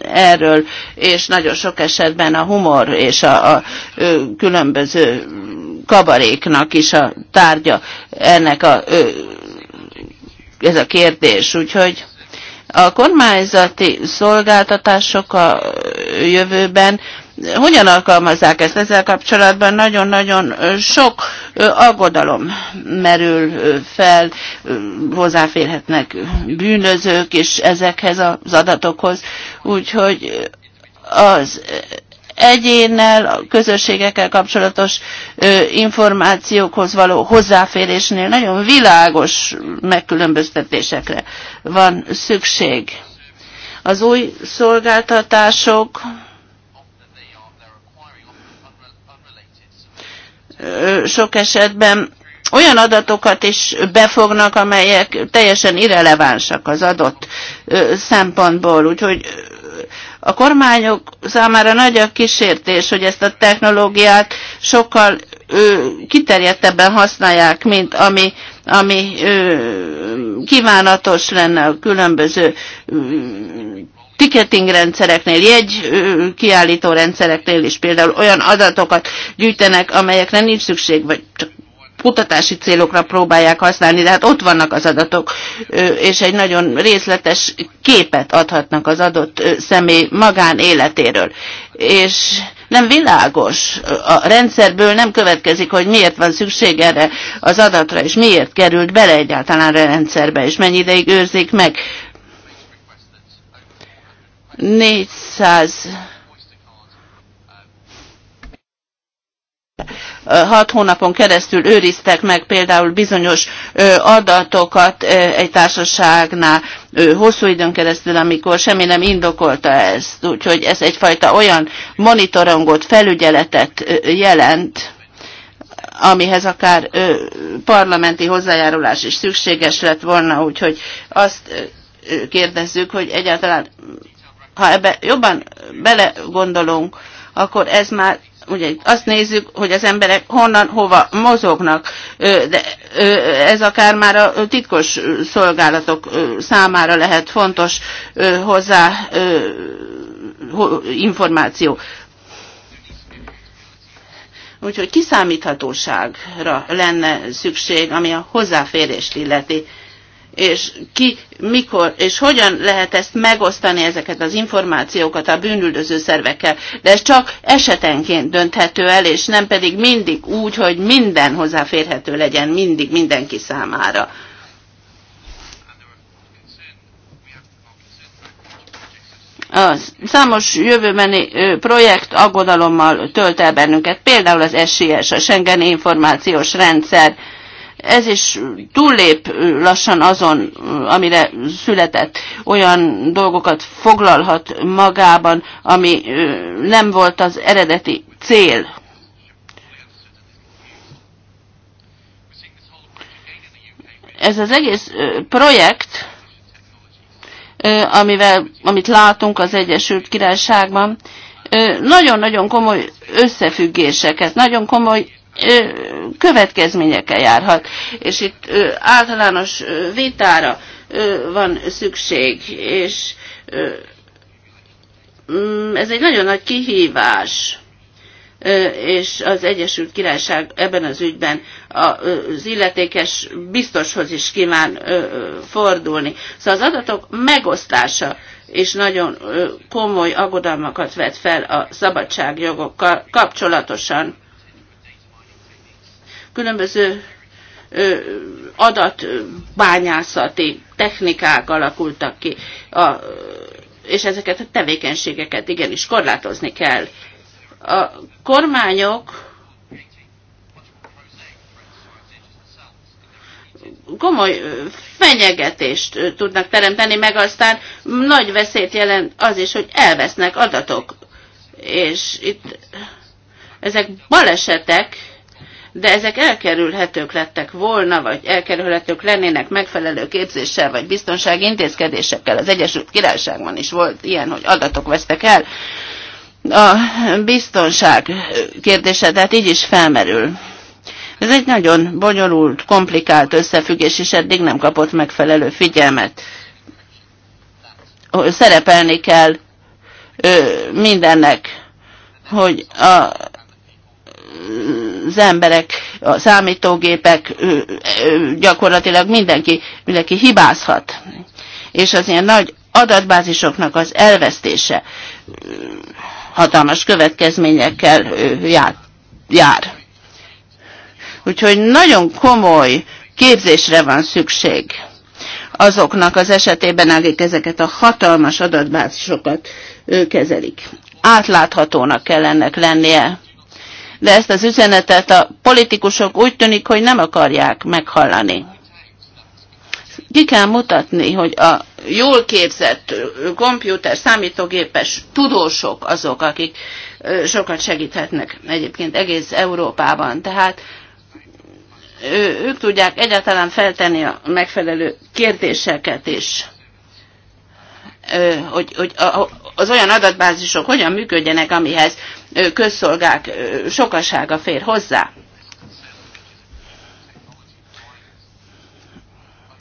erről, és nagyon sok esetben a humor és a, a különböző kabaréknak is a tárgya ennek a, ez a kérdés, úgyhogy a kormányzati szolgáltatások a jövőben hogyan alkalmazzák ezt? Ezzel kapcsolatban nagyon-nagyon sok aggodalom merül fel, hozzáférhetnek bűnözők is ezekhez az adatokhoz, úgyhogy az egyénnel, a közösségekkel kapcsolatos információkhoz való hozzáférésnél nagyon világos megkülönböztetésekre van szükség. Az új szolgáltatások sok esetben olyan adatokat is befognak, amelyek teljesen irrelevánsak az adott szempontból, úgyhogy a kormányok számára nagy a kísértés, hogy ezt a technológiát sokkal ö, kiterjedtebben használják, mint ami, ami ö, kívánatos lenne a különböző ticketing rendszereknél, jegy kiállító rendszereknél is például olyan adatokat gyűjtenek, amelyekre nincs szükség, vagy csak kutatási célokra próbálják használni, de hát ott vannak az adatok, és egy nagyon részletes képet adhatnak az adott személy magánéletéről. És nem világos, a rendszerből nem következik, hogy miért van szükség erre az adatra, és miért került bele egyáltalán a rendszerbe, és mennyi ideig őrzik meg. 400 hat hónapon keresztül őriztek meg például bizonyos adatokat egy társaságnál hosszú időn keresztül, amikor semmi nem indokolta ezt. Úgyhogy ez egyfajta olyan monitorongot, felügyeletet jelent, amihez akár ö, parlamenti hozzájárulás is szükséges lett volna, úgyhogy azt ö, kérdezzük, hogy egyáltalán, ha ebbe jobban belegondolunk, akkor ez már ugye azt nézzük, hogy az emberek honnan, hova mozognak, de ez akár már a titkos szolgálatok számára lehet fontos hozzá információ. Úgyhogy kiszámíthatóságra lenne szükség, ami a hozzáférést illeti és ki, mikor és hogyan lehet ezt megosztani ezeket az információkat a bűnüldöző szervekkel, de ez csak esetenként dönthető el, és nem pedig mindig úgy, hogy minden hozzáférhető legyen mindig mindenki számára. A számos jövőbeni projekt aggodalommal tölt el bennünket, például az SIS, a Schengen Információs Rendszer, ez is túllép lassan azon, amire született. Olyan dolgokat foglalhat magában, ami nem volt az eredeti cél. Ez az egész projekt, amivel, amit látunk az Egyesült Királyságban, nagyon-nagyon komoly összefüggéseket, nagyon komoly következményekkel járhat. És itt általános vitára van szükség, és mm, ez egy nagyon nagy kihívás és az Egyesült Királyság ebben az ügyben az illetékes biztoshoz is kíván fordulni. Szóval az adatok megosztása és nagyon komoly aggodalmakat vet fel a szabadságjogokkal kapcsolatosan különböző adatbányászati technikák alakultak ki, a, és ezeket a tevékenységeket igenis korlátozni kell. A kormányok komoly fenyegetést tudnak teremteni, meg aztán nagy veszélyt jelent az is, hogy elvesznek adatok. És itt ezek balesetek, de ezek elkerülhetők lettek volna, vagy elkerülhetők lennének megfelelő képzéssel, vagy biztonsági intézkedésekkel. Az Egyesült Királyságban is volt ilyen, hogy adatok vesztek el. A biztonság kérdése, tehát így is felmerül. Ez egy nagyon bonyolult, komplikált összefüggés, és eddig nem kapott megfelelő figyelmet. Szerepelni kell mindennek, hogy a az emberek, a számítógépek, gyakorlatilag mindenki, mindenki hibázhat. És az ilyen nagy adatbázisoknak az elvesztése hatalmas következményekkel jár. Úgyhogy nagyon komoly képzésre van szükség azoknak az esetében, akik ezeket a hatalmas adatbázisokat kezelik. Átláthatónak kell ennek lennie de ezt az üzenetet a politikusok úgy tűnik, hogy nem akarják meghallani. Ki kell mutatni, hogy a jól képzett komputer, számítógépes tudósok azok, akik sokat segíthetnek egyébként egész Európában. Tehát ő, ők tudják egyáltalán feltenni a megfelelő kérdéseket is. Hogy, hogy a, az olyan adatbázisok hogyan működjenek, amihez közszolgák sokasága fér hozzá.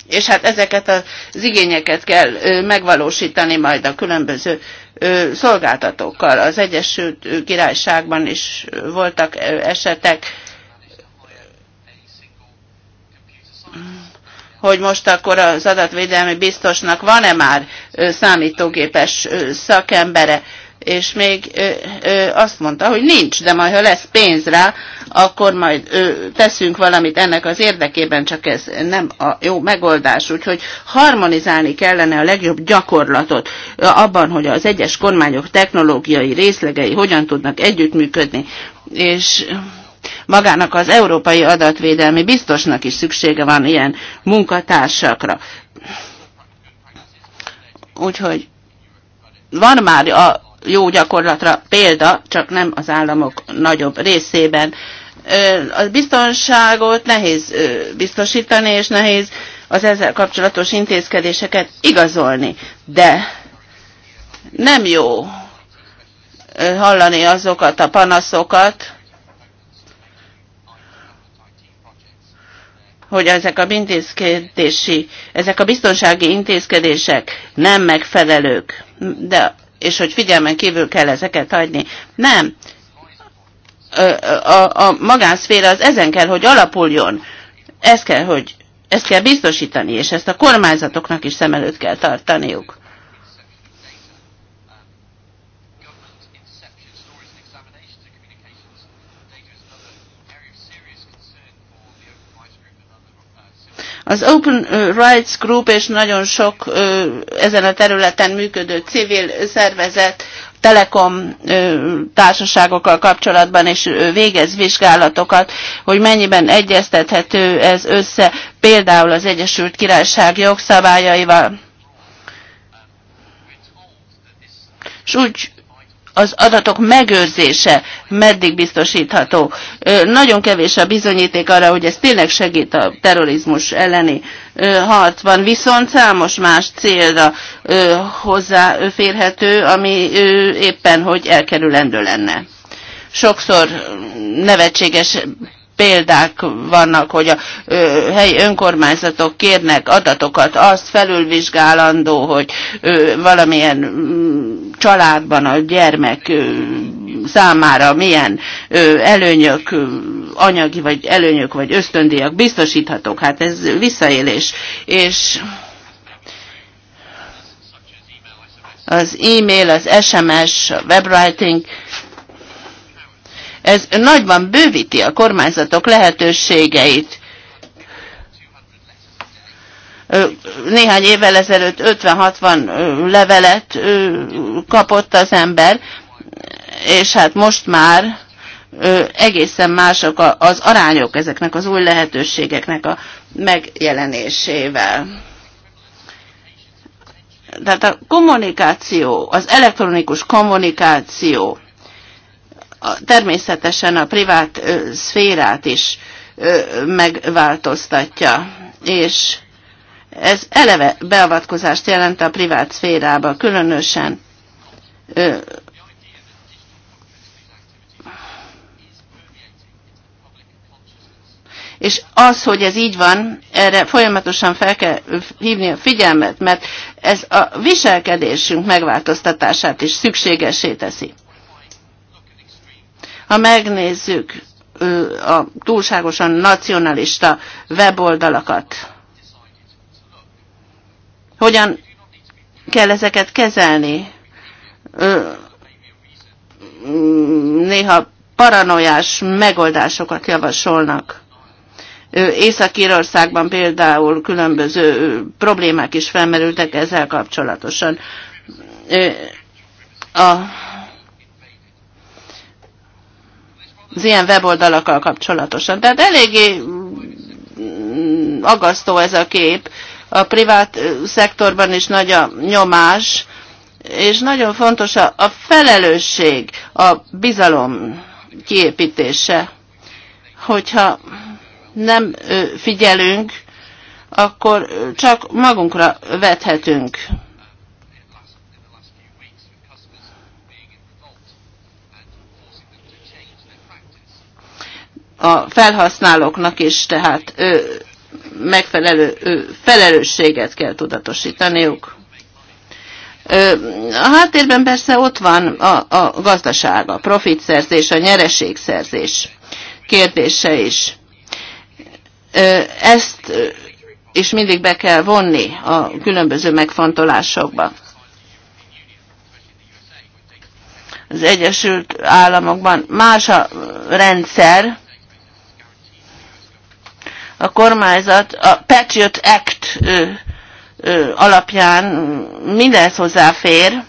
És hát ezeket az igényeket kell megvalósítani majd a különböző szolgáltatókkal. Az Egyesült Királyságban is voltak esetek, hogy most akkor az adatvédelmi biztosnak van-e már számítógépes szakembere, és még ö, ö, azt mondta, hogy nincs, de majd ha lesz pénz rá, akkor majd ö, teszünk valamit ennek az érdekében, csak ez nem a jó megoldás. Úgyhogy harmonizálni kellene a legjobb gyakorlatot abban, hogy az egyes kormányok technológiai részlegei hogyan tudnak együttműködni, és magának az európai adatvédelmi biztosnak is szüksége van ilyen munkatársakra. Úgyhogy van már a jó gyakorlatra példa, csak nem az államok nagyobb részében. A biztonságot nehéz biztosítani, és nehéz az ezzel kapcsolatos intézkedéseket igazolni. De nem jó hallani azokat a panaszokat, hogy ezek a, intézkedési, ezek a biztonsági intézkedések nem megfelelők, de, és hogy figyelmen kívül kell ezeket hagyni. Nem. A, a, a magánszféra az ezen kell, hogy alapuljon. Ez kell, hogy ezt kell biztosítani, és ezt a kormányzatoknak is szem előtt kell tartaniuk. Az Open Rights Group és nagyon sok ezen a területen működő civil szervezet telekom társaságokkal kapcsolatban, és végez vizsgálatokat, hogy mennyiben egyeztethető ez össze például az Egyesült Királyság jogszabályaival. És úgy az adatok megőrzése meddig biztosítható. Nagyon kevés a bizonyíték arra, hogy ez tényleg segít a terrorizmus elleni harcban, viszont számos más célra hozzáférhető, ami éppen hogy elkerülendő lenne sokszor nevetséges példák vannak, hogy a ö, helyi önkormányzatok kérnek adatokat, azt felülvizsgálandó, hogy ö, valamilyen ö, mm, családban a gyermek ö, számára milyen ö, előnyök, ö, anyagi vagy előnyök vagy ösztöndíjak biztosíthatók. Hát ez visszaélés. És az e-mail, az SMS, a webwriting ez nagyban bővíti a kormányzatok lehetőségeit. Néhány évvel ezelőtt 50-60 levelet kapott az ember, és hát most már egészen mások az arányok ezeknek az új lehetőségeknek a megjelenésével. Tehát a kommunikáció, az elektronikus kommunikáció a, természetesen a privát ö, szférát is ö, megváltoztatja, és ez eleve beavatkozást jelent a privát szférába, különösen ö, És az, hogy ez így van, erre folyamatosan fel kell hívni a figyelmet, mert ez a viselkedésünk megváltoztatását is szükségesé teszi. Ha megnézzük a túlságosan nacionalista weboldalakat, hogyan kell ezeket kezelni? Néha paranoiás megoldásokat javasolnak. Észak-Írországban például különböző problémák is felmerültek ezzel kapcsolatosan. A az ilyen weboldalakkal kapcsolatosan. Tehát eléggé mm, agasztó ez a kép. A privát szektorban is nagy a nyomás, és nagyon fontos a, a felelősség, a bizalom kiépítése. Hogyha nem figyelünk, akkor csak magunkra vethetünk. a felhasználóknak is tehát ő, megfelelő ő, felelősséget kell tudatosítaniuk. Ö, a háttérben persze ott van a, a gazdaság, a profitszerzés, a nyereségszerzés kérdése is. Ö, ezt is mindig be kell vonni a különböző megfontolásokba. Az Egyesült Államokban más a rendszer, a kormányzat a Patriot Act ö, ö, alapján mindez hozzáfér,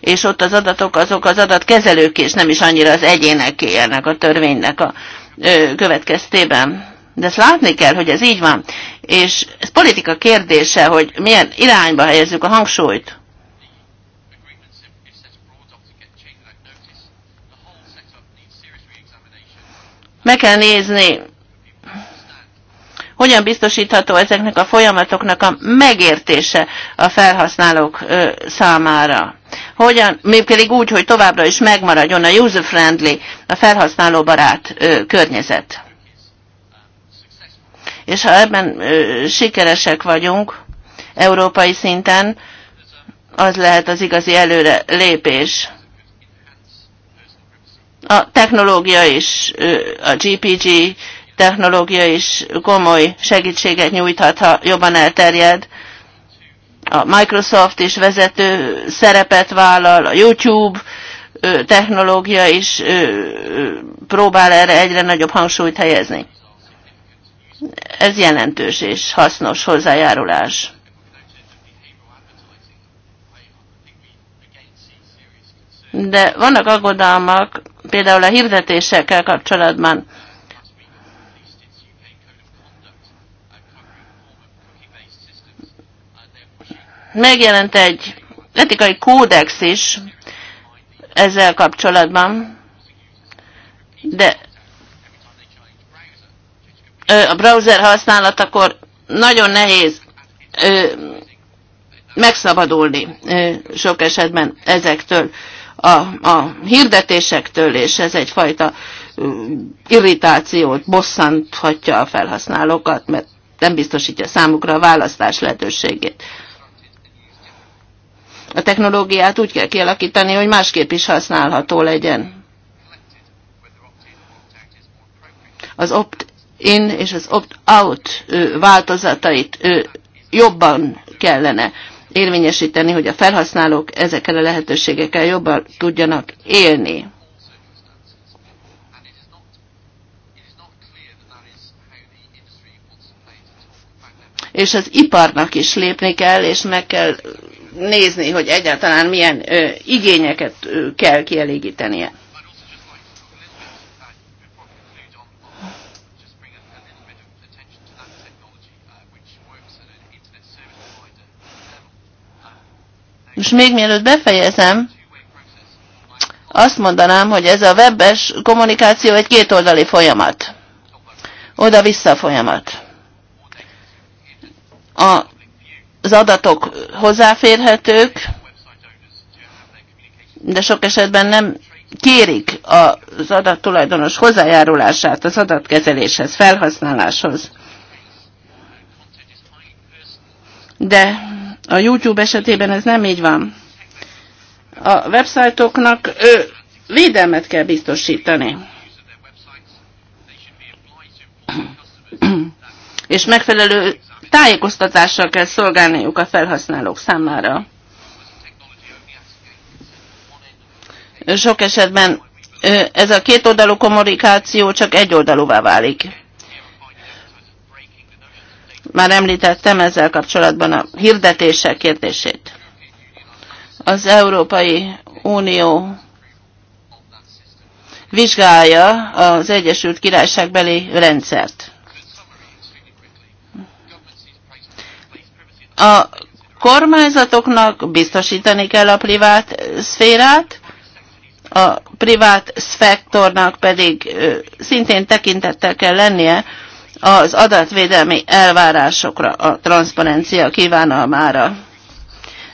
és ott az adatok azok az adatkezelők és nem is annyira az egyének élnek a törvénynek a ö, következtében. De ezt látni kell, hogy ez így van. És ez politika kérdése, hogy milyen irányba helyezzük a hangsúlyt. Meg kell nézni, hogyan biztosítható ezeknek a folyamatoknak a megértése a felhasználók számára. Hogyan, pedig úgy, hogy továbbra is megmaradjon a user-friendly, a felhasználóbarát környezet. És ha ebben sikeresek vagyunk európai szinten, az lehet az igazi előre lépés a technológia is, a GPG technológia is komoly segítséget nyújthat, ha jobban elterjed. A Microsoft is vezető szerepet vállal, a YouTube technológia is próbál erre egyre nagyobb hangsúlyt helyezni. Ez jelentős és hasznos hozzájárulás. De vannak aggodalmak például a hirdetésekkel kapcsolatban. Megjelent egy etikai kódex is ezzel kapcsolatban, de a browser használatakor nagyon nehéz megszabadulni sok esetben ezektől a, a hirdetésektől, és ez egyfajta irritációt bosszanthatja a felhasználókat, mert nem biztosítja számukra a választás lehetőségét. A technológiát úgy kell kialakítani, hogy másképp is használható legyen. Az opt-in és az opt-out változatait jobban kellene érvényesíteni, hogy a felhasználók ezekkel a lehetőségekkel jobban tudjanak élni. És az iparnak is lépni kell, és meg kell nézni, hogy egyáltalán milyen ö, igényeket ö, kell kielégítenie. És még mielőtt befejezem, azt mondanám, hogy ez a webes kommunikáció egy kétoldali folyamat. Oda-vissza folyamat. A, az adatok hozzáférhetők, de sok esetben nem kérik az adattulajdonos hozzájárulását az adatkezeléshez, felhasználáshoz. De a YouTube esetében ez nem így van. A websájtoknak védelmet kell biztosítani. És megfelelő tájékoztatással kell szolgálniuk a felhasználók számára. Sok esetben ez a két oldalú kommunikáció csak egy oldalúvá válik. Már említettem ezzel kapcsolatban a hirdetések kérdését. Az Európai Unió vizsgálja az Egyesült Királyság beli rendszert. A kormányzatoknak biztosítani kell a privát szférát, a privát szfektornak pedig szintén tekintettel kell lennie az adatvédelmi elvárásokra, a transzparencia kívánalmára.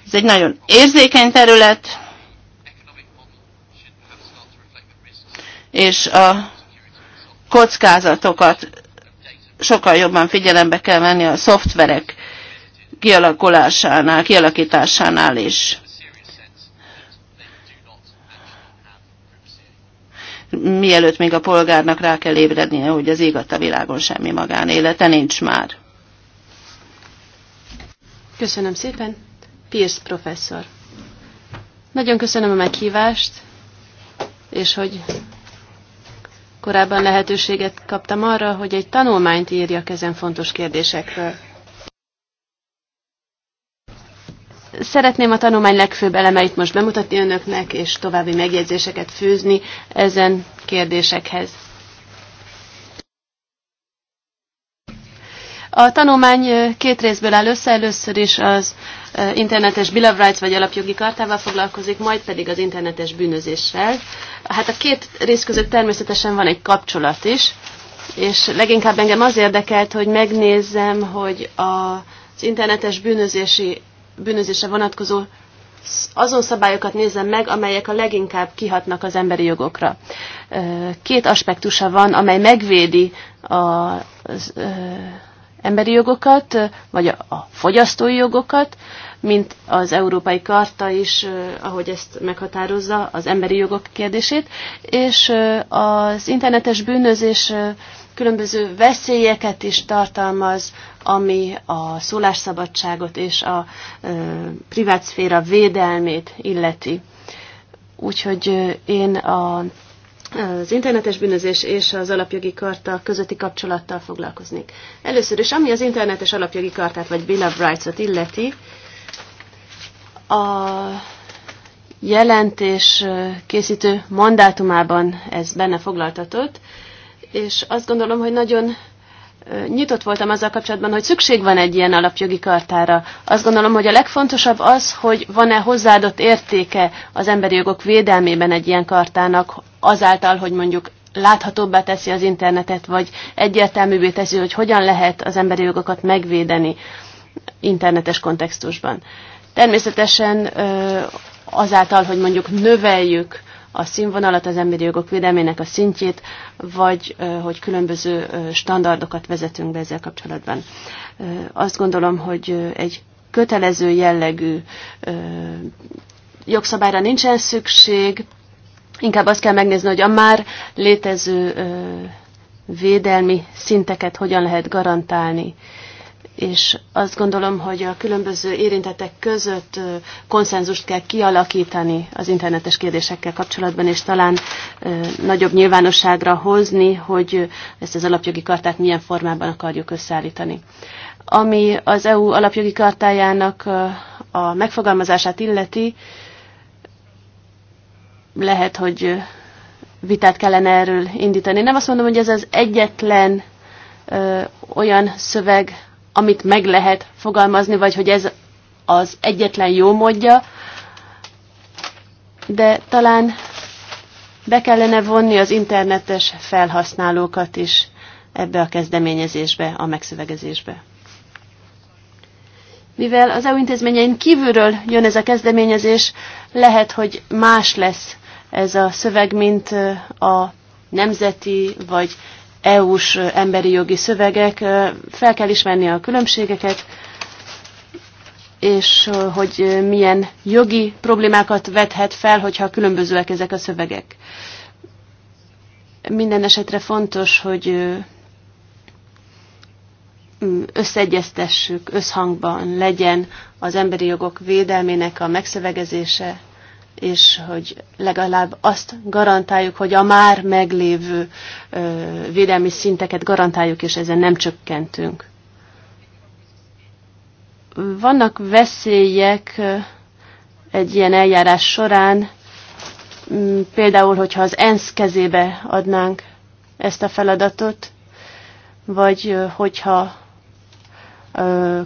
Ez egy nagyon érzékeny terület, és a kockázatokat sokkal jobban figyelembe kell venni a szoftverek kialakulásánál, kialakításánál is. mielőtt még a polgárnak rá kell ébrednie, hogy az ég a világon semmi magánélete nincs már. Köszönöm szépen. Pierce professzor. Nagyon köszönöm a meghívást, és hogy korábban lehetőséget kaptam arra, hogy egy tanulmányt írjak ezen fontos kérdésekről. Szeretném a tanulmány legfőbb elemeit most bemutatni önöknek, és további megjegyzéseket fűzni ezen kérdésekhez. A tanulmány két részből áll össze, először is az internetes Bill of Rights vagy alapjogi kartával foglalkozik, majd pedig az internetes bűnözéssel. Hát a két rész között természetesen van egy kapcsolat is, és leginkább engem az érdekelt, hogy megnézzem, hogy az internetes bűnözési bűnözésre vonatkozó azon szabályokat nézem meg, amelyek a leginkább kihatnak az emberi jogokra. Két aspektusa van, amely megvédi az emberi jogokat, vagy a fogyasztói jogokat, mint az Európai Karta is, ahogy ezt meghatározza, az emberi jogok kérdését, és az internetes bűnözés különböző veszélyeket is tartalmaz ami a szólásszabadságot és a privátszféra védelmét illeti. Úgyhogy én a, az internetes bűnözés és az alapjogi karta közötti kapcsolattal foglalkoznék. Először is, ami az internetes alapjogi kartát, vagy Bill of Rights-ot illeti, a jelentés készítő mandátumában ez benne foglaltatott, és azt gondolom, hogy nagyon nyitott voltam azzal kapcsolatban, hogy szükség van egy ilyen alapjogi kartára. Azt gondolom, hogy a legfontosabb az, hogy van-e hozzáadott értéke az emberi jogok védelmében egy ilyen kartának, azáltal, hogy mondjuk láthatóbbá teszi az internetet, vagy egyértelművé teszi, hogy hogyan lehet az emberi jogokat megvédeni internetes kontextusban. Természetesen azáltal, hogy mondjuk növeljük a színvonalat, az emberi jogok védelmének a szintjét, vagy hogy különböző standardokat vezetünk be ezzel kapcsolatban. Azt gondolom, hogy egy kötelező jellegű jogszabályra nincsen szükség, inkább azt kell megnézni, hogy a már létező védelmi szinteket hogyan lehet garantálni és azt gondolom, hogy a különböző érintetek között konszenzust kell kialakítani az internetes kérdésekkel kapcsolatban, és talán nagyobb nyilvánosságra hozni, hogy ezt az alapjogi kartát milyen formában akarjuk összeállítani. Ami az EU alapjogi kartájának a megfogalmazását illeti, lehet, hogy vitát kellene erről indítani. Nem azt mondom, hogy ez az egyetlen ö, olyan szöveg, amit meg lehet fogalmazni, vagy hogy ez az egyetlen jó módja, de talán be kellene vonni az internetes felhasználókat is ebbe a kezdeményezésbe, a megszövegezésbe. Mivel az EU intézményein kívülről jön ez a kezdeményezés, lehet, hogy más lesz ez a szöveg, mint a nemzeti vagy EU-s emberi jogi szövegek, fel kell ismerni a különbségeket, és hogy milyen jogi problémákat vethet fel, hogyha különbözőek ezek a szövegek. Minden esetre fontos, hogy összeegyeztessük, összhangban legyen az emberi jogok védelmének a megszövegezése és hogy legalább azt garantáljuk, hogy a már meglévő védelmi szinteket garantáljuk, és ezen nem csökkentünk. Vannak veszélyek egy ilyen eljárás során, például, hogyha az ENSZ kezébe adnánk ezt a feladatot, vagy hogyha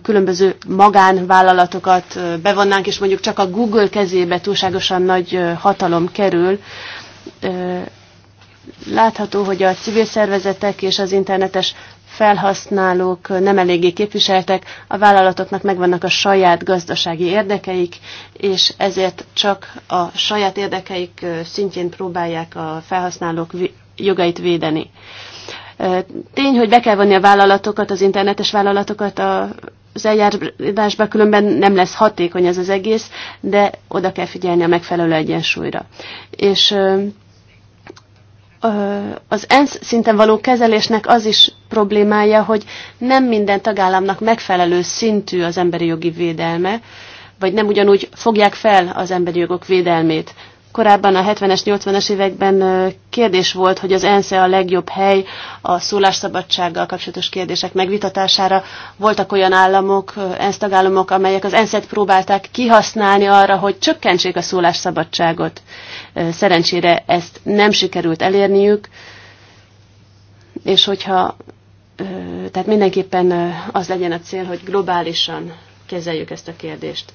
különböző magánvállalatokat bevonnánk, és mondjuk csak a Google kezébe túlságosan nagy hatalom kerül, látható, hogy a civil szervezetek és az internetes felhasználók nem eléggé képviseltek, a vállalatoknak megvannak a saját gazdasági érdekeik, és ezért csak a saját érdekeik szintjén próbálják a felhasználók jogait védeni. Tény, hogy be kell vonni a vállalatokat, az internetes vállalatokat a az eljárásban különben nem lesz hatékony ez az egész, de oda kell figyelni a megfelelő egyensúlyra. És az ENSZ szinten való kezelésnek az is problémája, hogy nem minden tagállamnak megfelelő szintű az emberi jogi védelme, vagy nem ugyanúgy fogják fel az emberi jogok védelmét. Korábban a 70-es, 80-es években kérdés volt, hogy az ENSZE a legjobb hely a szólásszabadsággal kapcsolatos kérdések megvitatására. Voltak olyan államok, ENSZ tagállamok, amelyek az ENSZ-et próbálták kihasználni arra, hogy csökkentsék a szólásszabadságot. Szerencsére ezt nem sikerült elérniük, és hogyha tehát mindenképpen az legyen a cél, hogy globálisan kezeljük ezt a kérdést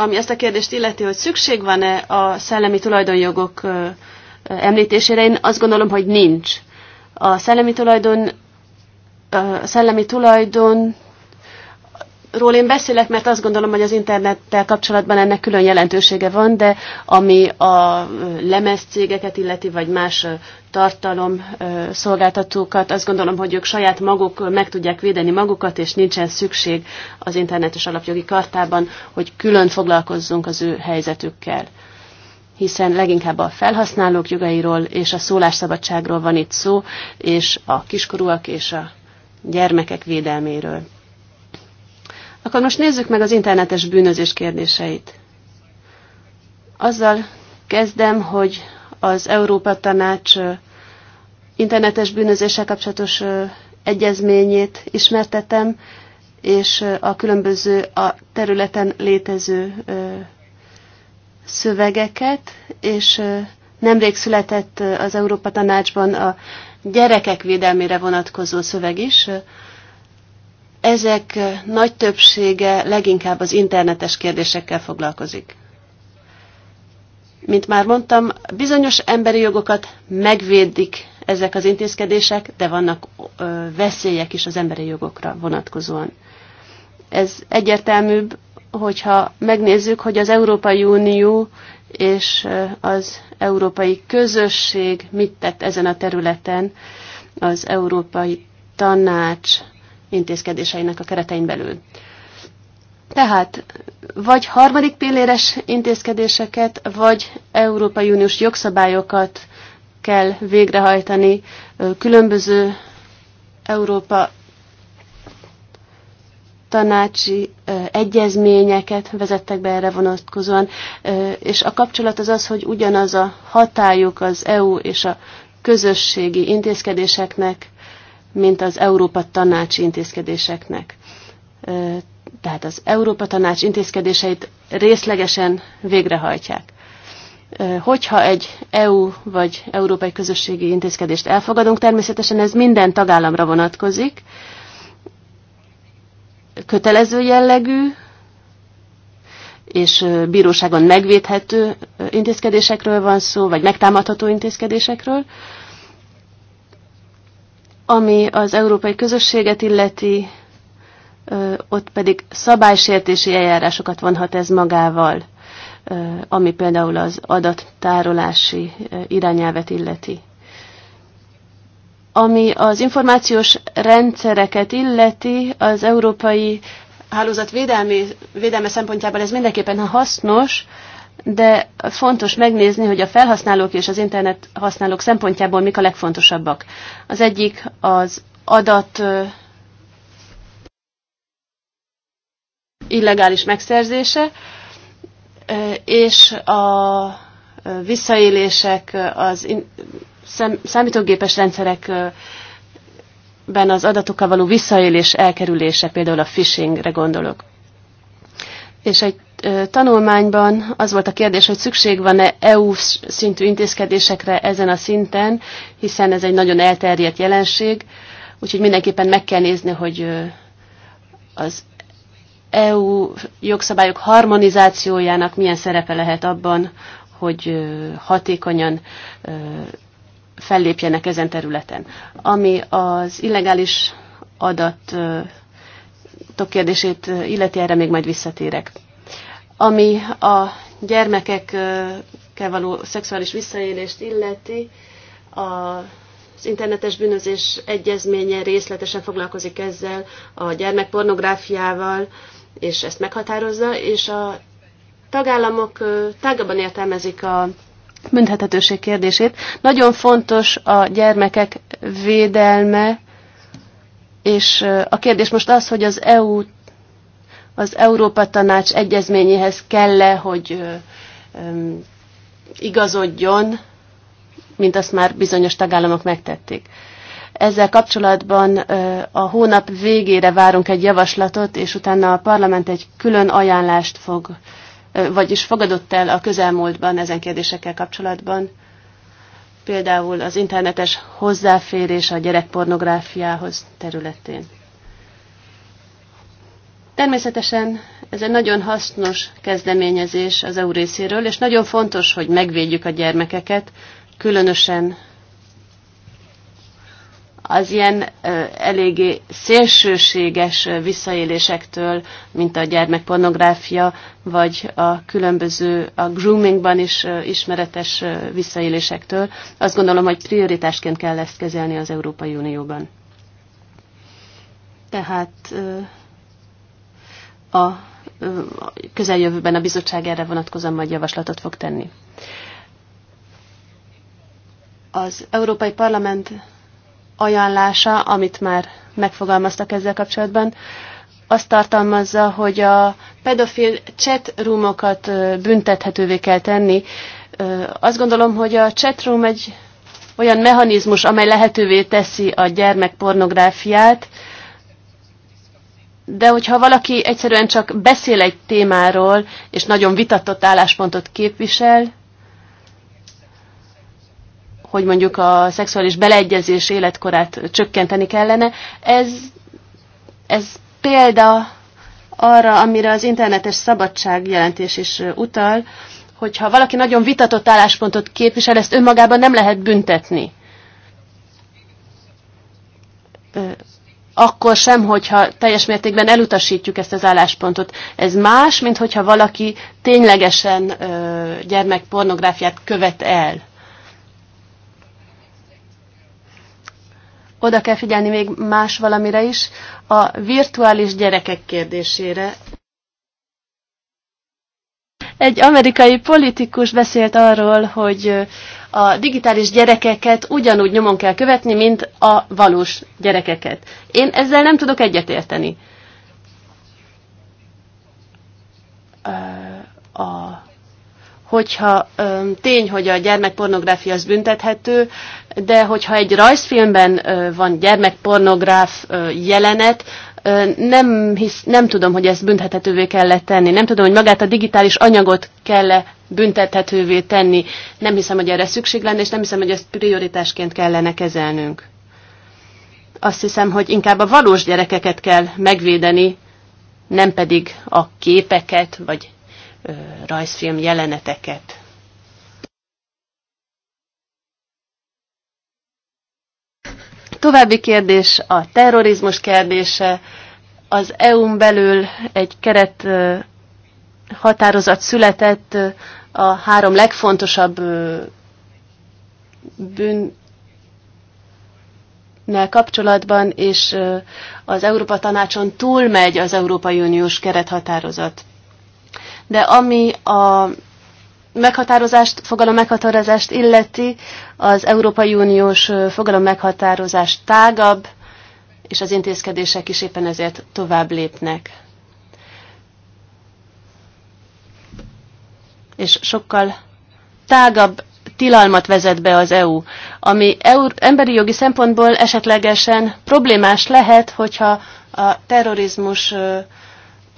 ami azt a kérdést illeti, hogy szükség van-e a szellemi tulajdonjogok említésére, én azt gondolom, hogy nincs. A szellemi tulajdon a szellemi tulajdon ról én beszélek, mert azt gondolom, hogy az internettel kapcsolatban ennek külön jelentősége van, de ami a cégeket illeti, vagy más tartalom szolgáltatókat, azt gondolom, hogy ők saját maguk meg tudják védeni magukat, és nincsen szükség az internetes alapjogi kartában, hogy külön foglalkozzunk az ő helyzetükkel hiszen leginkább a felhasználók jogairól és a szólásszabadságról van itt szó, és a kiskorúak és a gyermekek védelméről. Akkor most nézzük meg az internetes bűnözés kérdéseit. Azzal kezdem, hogy az Európa Tanács internetes bűnözéssel kapcsolatos egyezményét ismertetem, és a különböző a területen létező szövegeket, és nemrég született az Európa Tanácsban a gyerekek védelmére vonatkozó szöveg is. Ezek nagy többsége leginkább az internetes kérdésekkel foglalkozik. Mint már mondtam, bizonyos emberi jogokat megvédik ezek az intézkedések, de vannak ö, veszélyek is az emberi jogokra vonatkozóan. Ez egyértelműbb, hogyha megnézzük, hogy az Európai Unió és az európai közösség mit tett ezen a területen, az Európai Tanács intézkedéseinek a keretein belül. Tehát vagy harmadik pilléres intézkedéseket, vagy Európai Uniós jogszabályokat kell végrehajtani különböző Európa tanácsi egyezményeket vezettek be erre vonatkozóan, és a kapcsolat az az, hogy ugyanaz a hatájuk az EU és a közösségi intézkedéseknek mint az Európa Tanács intézkedéseknek. Tehát az Európa Tanács intézkedéseit részlegesen végrehajtják. Hogyha egy EU vagy Európai Közösségi Intézkedést elfogadunk, természetesen ez minden tagállamra vonatkozik, kötelező jellegű és bíróságon megvédhető intézkedésekről van szó, vagy megtámadható intézkedésekről, ami az európai közösséget illeti, ott pedig szabálysértési eljárásokat vonhat ez magával, ami például az adattárolási irányelvet illeti. Ami az információs rendszereket illeti, az európai hálózat védelme szempontjából ez mindenképpen hasznos, de fontos megnézni, hogy a felhasználók és az internet használók szempontjából mik a legfontosabbak. Az egyik az adat illegális megszerzése, és a visszaélések az számítógépes rendszerekben az adatokkal való visszaélés elkerülése, például a phishingre gondolok. És egy tanulmányban az volt a kérdés, hogy szükség van-e EU szintű intézkedésekre ezen a szinten, hiszen ez egy nagyon elterjedt jelenség, úgyhogy mindenképpen meg kell nézni, hogy az EU jogszabályok harmonizációjának milyen szerepe lehet abban, hogy hatékonyan fellépjenek ezen területen. Ami az illegális adat kérdését illeti, erre még majd visszatérek. Ami a gyermekekkel való szexuális visszaélést illeti, az internetes bűnözés egyezménye részletesen foglalkozik ezzel a gyermekpornográfiával, és ezt meghatározza, és a tagállamok tágabban értelmezik a büntethetőség kérdését. Nagyon fontos a gyermekek védelme, és a kérdés most az, hogy az EU az Európa Tanács egyezményéhez kell -e, hogy igazodjon, mint azt már bizonyos tagállamok megtették. Ezzel kapcsolatban a hónap végére várunk egy javaslatot, és utána a parlament egy külön ajánlást fog, vagyis fogadott el a közelmúltban ezen kérdésekkel kapcsolatban. Például az internetes hozzáférés a gyerekpornográfiához területén. Természetesen ez egy nagyon hasznos kezdeményezés az EU részéről, és nagyon fontos, hogy megvédjük a gyermekeket, különösen az ilyen eléggé szélsőséges visszaélésektől, mint a gyermekpornográfia, vagy a különböző a groomingban is ismeretes visszaélésektől. Azt gondolom, hogy prioritásként kell ezt kezelni az Európai Unióban. Tehát a közeljövőben a bizottság erre vonatkozóan majd javaslatot fog tenni. Az Európai Parlament ajánlása, amit már megfogalmaztak ezzel kapcsolatban, azt tartalmazza, hogy a pedofil chatroomokat büntethetővé kell tenni. Azt gondolom, hogy a chatroom egy olyan mechanizmus, amely lehetővé teszi a gyermekpornográfiát, de hogyha valaki egyszerűen csak beszél egy témáról, és nagyon vitatott álláspontot képvisel, hogy mondjuk a szexuális beleegyezés életkorát csökkenteni kellene, ez, ez példa arra, amire az internetes szabadság jelentés is utal, hogyha valaki nagyon vitatott álláspontot képvisel, ezt önmagában nem lehet büntetni akkor sem, hogyha teljes mértékben elutasítjuk ezt az álláspontot. Ez más, mint hogyha valaki ténylegesen ö, gyermekpornográfiát követ el. Oda kell figyelni még más valamire is, a virtuális gyerekek kérdésére. Egy amerikai politikus beszélt arról, hogy a digitális gyerekeket ugyanúgy nyomon kell követni, mint a valós gyerekeket. Én ezzel nem tudok egyetérteni. A, hogyha tény, hogy a gyermekpornográfia az büntethető, de hogyha egy rajzfilmben van gyermekpornográf jelenet, nem, hisz, nem tudom, hogy ezt büntethetővé kellett tenni. Nem tudom, hogy magát a digitális anyagot kell -e büntethetővé tenni. Nem hiszem, hogy erre szükség lenne, és nem hiszem, hogy ezt prioritásként kellene kezelnünk. Azt hiszem, hogy inkább a valós gyerekeket kell megvédeni, nem pedig a képeket, vagy ö, rajzfilm jeleneteket. További kérdés a terrorizmus kérdése. Az EU-n belül egy keret határozat született a három legfontosabb bűn kapcsolatban, és az Európa Tanácson túlmegy az Európai Uniós kerethatározat. De ami a meghatározást, fogalom meghatározást illeti, az Európai Uniós fogalom meghatározás tágabb, és az intézkedések is éppen ezért tovább lépnek. És sokkal tágabb tilalmat vezet be az EU, ami emberi jogi szempontból esetlegesen problémás lehet, hogyha a terrorizmus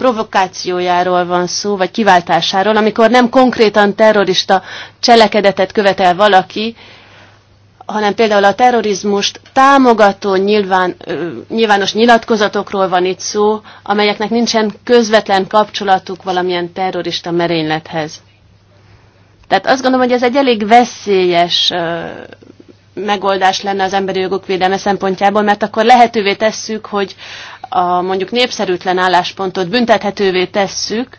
provokációjáról van szó, vagy kiváltásáról, amikor nem konkrétan terrorista cselekedetet követel valaki, hanem például a terrorizmust támogató nyilván, nyilvános nyilatkozatokról van itt szó, amelyeknek nincsen közvetlen kapcsolatuk valamilyen terrorista merénylethez. Tehát azt gondolom, hogy ez egy elég veszélyes megoldás lenne az emberi jogok védelme szempontjából, mert akkor lehetővé tesszük, hogy a mondjuk népszerűtlen álláspontot büntethetővé tesszük,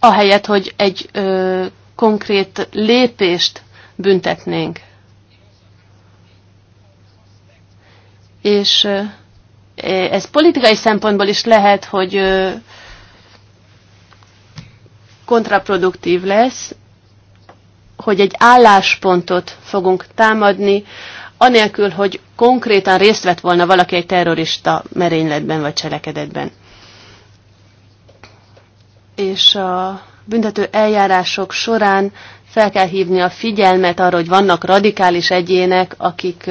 ahelyett, hogy egy ö, konkrét lépést büntetnénk. És ö, e, ez politikai szempontból is lehet, hogy ö, kontraproduktív lesz, hogy egy álláspontot fogunk támadni, anélkül, hogy konkrétan részt vett volna valaki egy terrorista merényletben vagy cselekedetben. És a büntető eljárások során fel kell hívni a figyelmet arra, hogy vannak radikális egyének, akik,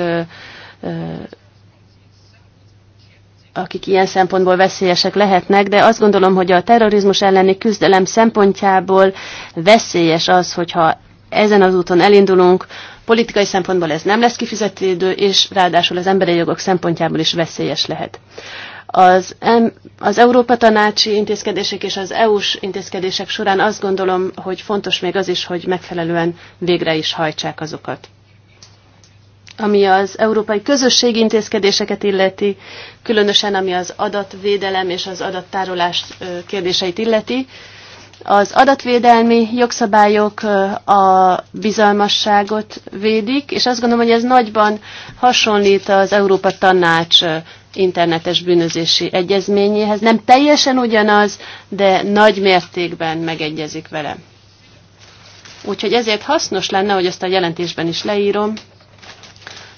akik ilyen szempontból veszélyesek lehetnek, de azt gondolom, hogy a terrorizmus elleni küzdelem szempontjából veszélyes az, hogyha ezen az úton elindulunk, Politikai szempontból ez nem lesz kifizetődő, és ráadásul az emberi jogok szempontjából is veszélyes lehet. Az, az Európa Tanácsi intézkedések és az EU-s intézkedések során azt gondolom, hogy fontos még az is, hogy megfelelően végre is hajtsák azokat. Ami az európai közösségi intézkedéseket illeti, különösen ami az adatvédelem és az adattárolás kérdéseit illeti, az adatvédelmi jogszabályok a bizalmasságot védik, és azt gondolom, hogy ez nagyban hasonlít az Európa Tanács internetes bűnözési egyezményéhez. Nem teljesen ugyanaz, de nagy mértékben megegyezik vele. Úgyhogy ezért hasznos lenne, hogy ezt a jelentésben is leírom,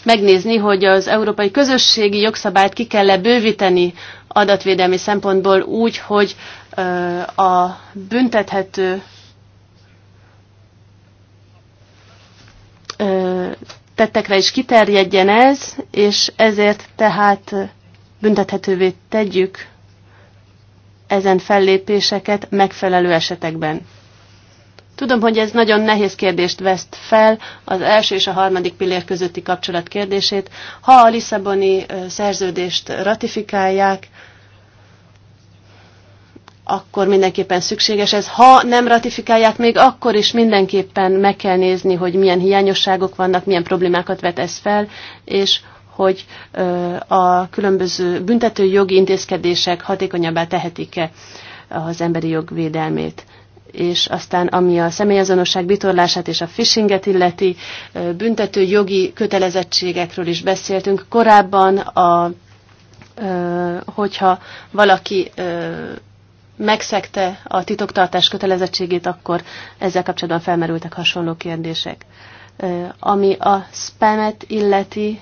megnézni, hogy az európai közösségi jogszabályt ki kell -e bővíteni adatvédelmi szempontból úgy, hogy a büntethető tettekre is kiterjedjen ez, és ezért tehát büntethetővé tegyük ezen fellépéseket megfelelő esetekben. Tudom, hogy ez nagyon nehéz kérdést veszt fel, az első és a harmadik pillér közötti kapcsolat kérdését. Ha a Lisszaboni szerződést ratifikálják, akkor mindenképpen szükséges ez. Ha nem ratifikálják még, akkor is mindenképpen meg kell nézni, hogy milyen hiányosságok vannak, milyen problémákat vet ez fel, és hogy a különböző büntető jogi intézkedések hatékonyabbá tehetik-e az emberi jog védelmét. És aztán, ami a személyazonosság bitorlását és a phishinget illeti, büntető jogi kötelezettségekről is beszéltünk. Korábban, a, hogyha valaki megszegte a titoktartás kötelezettségét, akkor ezzel kapcsolatban felmerültek hasonló kérdések. Ami a spamet illeti,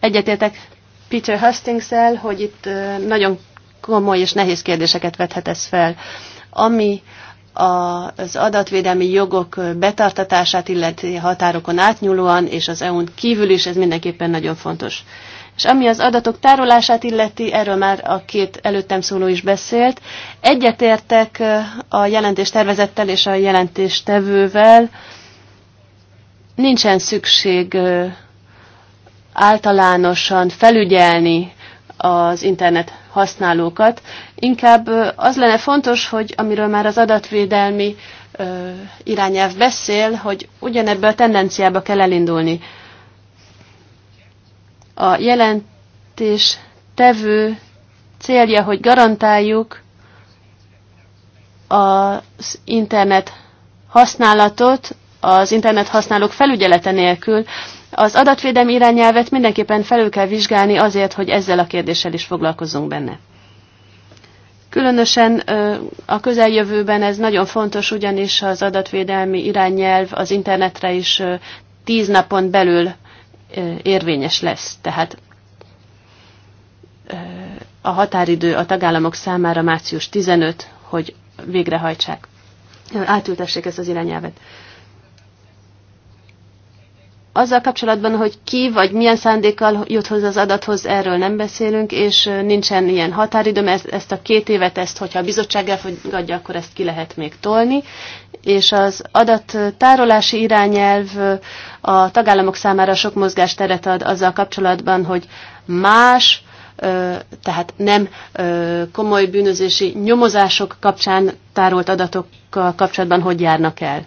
egyetértek Peter hastings hogy itt nagyon komoly és nehéz kérdéseket vethet ez fel. Ami az adatvédelmi jogok betartatását illeti határokon átnyúlóan, és az EU-n kívül is, ez mindenképpen nagyon fontos. És ami az adatok tárolását illeti, erről már a két előttem szóló is beszélt. Egyetértek a jelentés tervezettel és a jelentéstevővel. Nincsen szükség általánosan felügyelni az internet használókat. Inkább az lenne fontos, hogy amiről már az adatvédelmi irányelv beszél, hogy ugyanebbe a tendenciába kell elindulni. A jelentés tevő célja, hogy garantáljuk az internet használatot, az internet használók felügyelete nélkül, az adatvédelmi irányelvet mindenképpen felül kell vizsgálni azért, hogy ezzel a kérdéssel is foglalkozzunk benne. Különösen a közeljövőben ez nagyon fontos, ugyanis az adatvédelmi irányelv az internetre is tíz napon belül érvényes lesz. Tehát a határidő a tagállamok számára március 15, hogy végrehajtsák, átültessék ezt az irányelvet. Azzal kapcsolatban, hogy ki vagy milyen szándékkal jut hozzá az adathoz, erről nem beszélünk, és nincsen ilyen határidőm, ezt, ezt a két évet, ezt, hogyha a bizottság elfogadja, akkor ezt ki lehet még tolni. És az adattárolási irányelv a tagállamok számára sok mozgásteret ad azzal kapcsolatban, hogy más, tehát nem komoly bűnözési nyomozások kapcsán tárolt adatokkal kapcsolatban hogy járnak el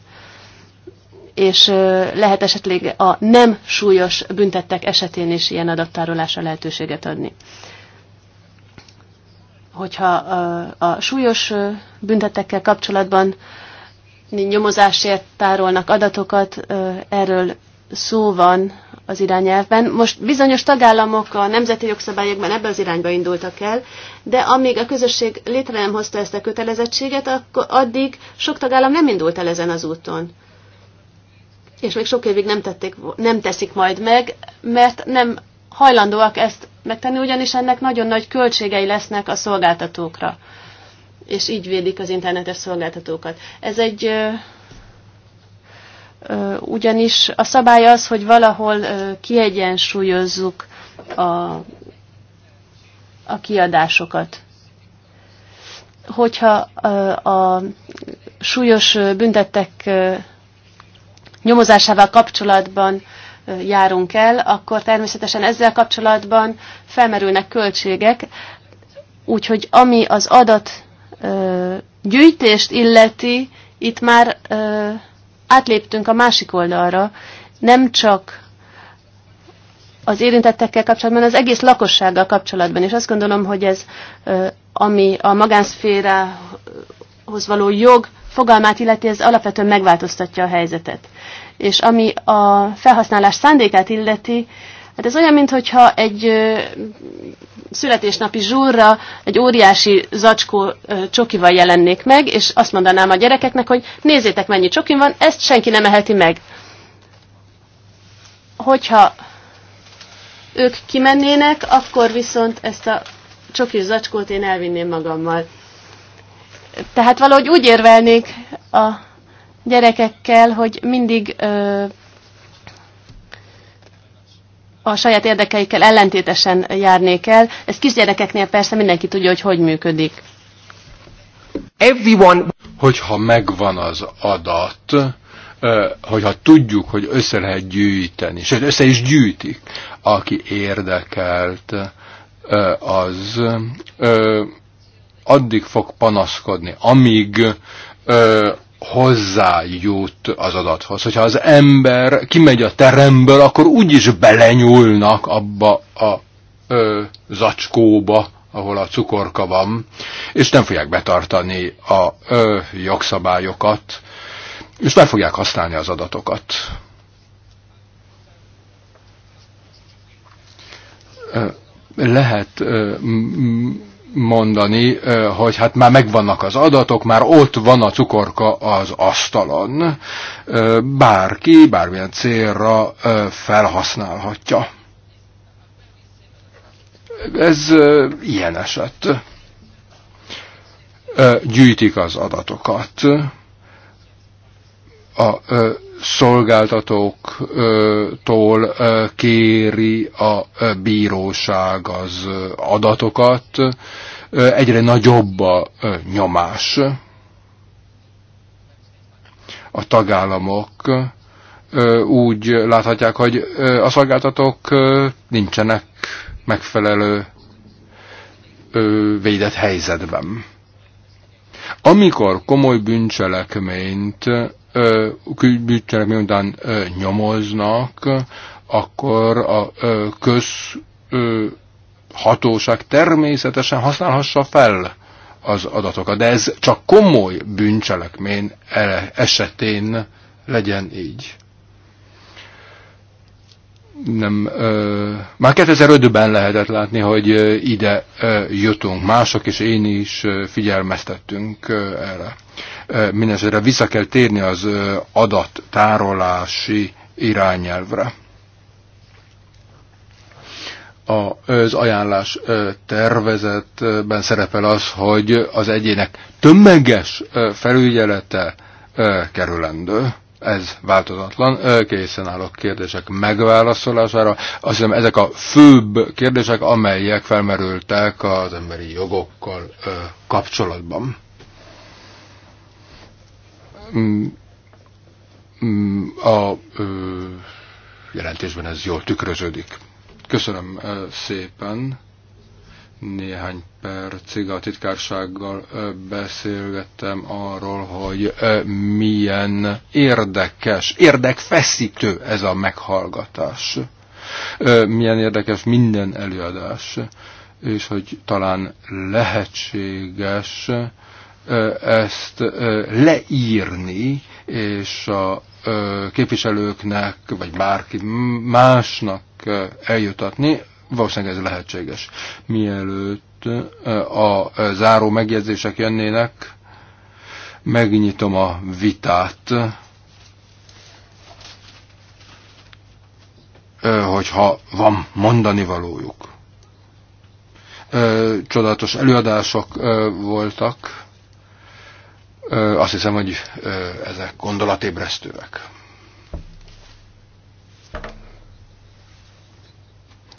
és lehet esetleg a nem súlyos büntettek esetén is ilyen adattárolásra lehetőséget adni. Hogyha a súlyos büntetekkel kapcsolatban nyomozásért tárolnak adatokat, erről szó van az irányelvben. Most bizonyos tagállamok a nemzeti jogszabályokban ebbe az irányba indultak el, de amíg a közösség létre nem hozta ezt a kötelezettséget, akkor addig sok tagállam nem indult el ezen az úton és még sok évig nem, tették, nem teszik majd meg, mert nem hajlandóak ezt megtenni, ugyanis ennek nagyon nagy költségei lesznek a szolgáltatókra. És így védik az internetes szolgáltatókat. Ez egy ö, ö, ugyanis a szabály az, hogy valahol ö, kiegyensúlyozzuk a, a kiadásokat. Hogyha ö, a súlyos büntettek ö, nyomozásával kapcsolatban járunk el, akkor természetesen ezzel kapcsolatban felmerülnek költségek, úgyhogy ami az adat gyűjtést illeti, itt már átléptünk a másik oldalra, nem csak az érintettekkel kapcsolatban, az egész lakossággal kapcsolatban. És azt gondolom, hogy ez, ami a magánszférához való jog fogalmát illeti, ez alapvetően megváltoztatja a helyzetet. És ami a felhasználás szándékát illeti, hát ez olyan, mintha egy születésnapi zsúrra egy óriási zacskó csokival jelennék meg, és azt mondanám a gyerekeknek, hogy nézzétek, mennyi csokim van, ezt senki nem eheti meg. Hogyha ők kimennének, akkor viszont ezt a csokis zacskót én elvinném magammal. Tehát valahogy úgy érvelnék a gyerekekkel, hogy mindig ö, a saját érdekeikkel ellentétesen járnék el. Ez kisgyerekeknél persze mindenki tudja, hogy hogy működik. Everyone... Hogyha megvan az adat, hogyha tudjuk, hogy össze lehet gyűjteni, sőt össze is gyűjtik, aki érdekelt, az addig fog panaszkodni, amíg ö, hozzájut az adathoz. Hogyha az ember kimegy a teremből, akkor úgyis belenyúlnak abba a ö, zacskóba, ahol a cukorka van, és nem fogják betartani a ö, jogszabályokat, és meg fogják használni az adatokat. Lehet mondani, hogy hát már megvannak az adatok, már ott van a cukorka az asztalon. Bárki, bármilyen célra felhasználhatja. Ez ilyen eset. Gyűjtik az adatokat. A szolgáltatóktól kéri a bíróság az adatokat, egyre nagyobb a nyomás. A tagállamok úgy láthatják, hogy a szolgáltatók nincsenek megfelelő védett helyzetben. Amikor komoly bűncselekményt külbűtőnek mondan nyomoznak, akkor a közhatóság természetesen használhassa fel az adatokat. De ez csak komoly bűncselekmény esetén legyen így nem, ö, már 2005-ben lehetett látni, hogy ide ö, jutunk. Mások és én is figyelmeztettünk ö, erre. Mindenesetre vissza kell térni az ö, adattárolási irányelvre. A, az ajánlás ö, tervezetben szerepel az, hogy az egyének tömeges ö, felügyelete ö, kerülendő ez változatlan. Készen állok kérdések megválaszolására. Azt hiszem, ezek a főbb kérdések, amelyek felmerültek az emberi jogokkal kapcsolatban. Mm, mm, a jelentésben ez jól tükröződik. Köszönöm szépen néhány percig a titkársággal beszélgettem arról, hogy milyen érdekes, érdekfeszítő ez a meghallgatás. Milyen érdekes minden előadás, és hogy talán lehetséges ezt leírni, és a képviselőknek, vagy bárki másnak eljutatni, valószínűleg ez lehetséges. Mielőtt eh, a eh, záró megjegyzések jönnének, megnyitom a vitát, eh, hogyha van mondani valójuk. Csodálatos előadások voltak, azt hiszem, hogy ezek gondolatébresztőek.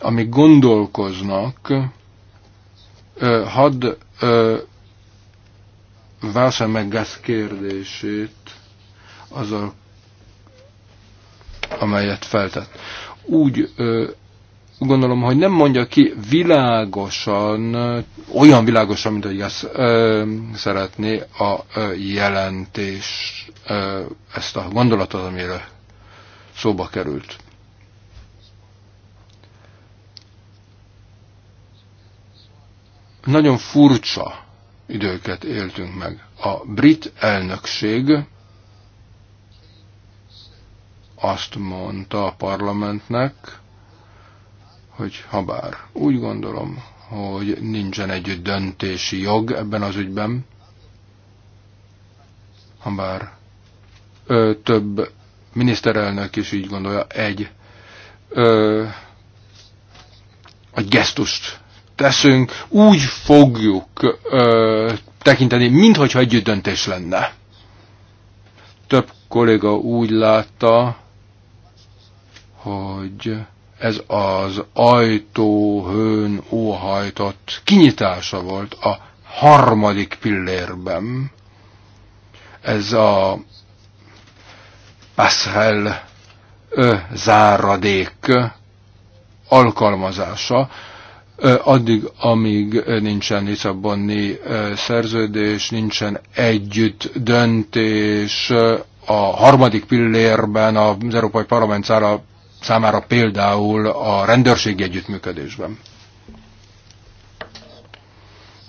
amik gondolkoznak, hadd válsza meg Gász kérdését, az a, amelyet feltett. Úgy gondolom, hogy nem mondja ki világosan, olyan világosan, mint ahogy ezt ö, szeretné a ö, jelentés, ö, ezt a gondolatot, amire szóba került. Nagyon furcsa időket éltünk meg. A brit elnökség azt mondta a parlamentnek, hogy habár úgy gondolom, hogy nincsen egy döntési jog ebben az ügyben, habár ö, több miniszterelnök is így gondolja, egy, ö, egy gesztust teszünk, úgy fogjuk ö, tekinteni, minthogyha együtt döntés lenne. Több kolléga úgy látta, hogy ez az ajtóhőn óhajtott kinyitása volt a harmadik pillérben. Ez a passerel záradék alkalmazása, addig, amíg nincsen Lisszaboni szerződés, nincsen együtt döntés a harmadik pillérben az Európai Parlament számára például a rendőrségi együttműködésben.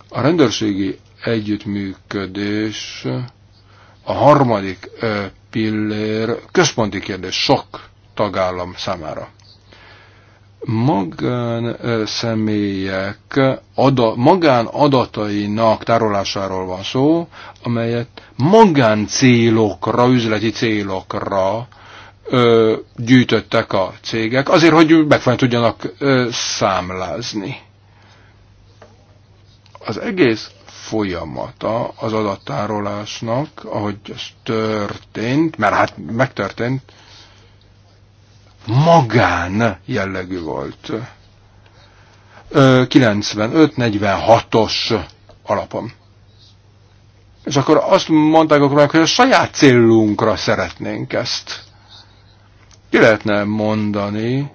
A rendőrségi együttműködés a harmadik pillér központi kérdés sok tagállam számára magán személyek ada, magán adatainak tárolásáról van szó, amelyet magán célokra, üzleti célokra ö, gyűjtöttek a cégek, azért, hogy megfelelően tudjanak ö, számlázni. Az egész folyamata az adattárolásnak, ahogy ez történt, mert hát megtörtént, magán jellegű volt. 95-46-os alapom. És akkor azt mondták akkor, hogy a saját célunkra szeretnénk ezt. Ki lehetne mondani,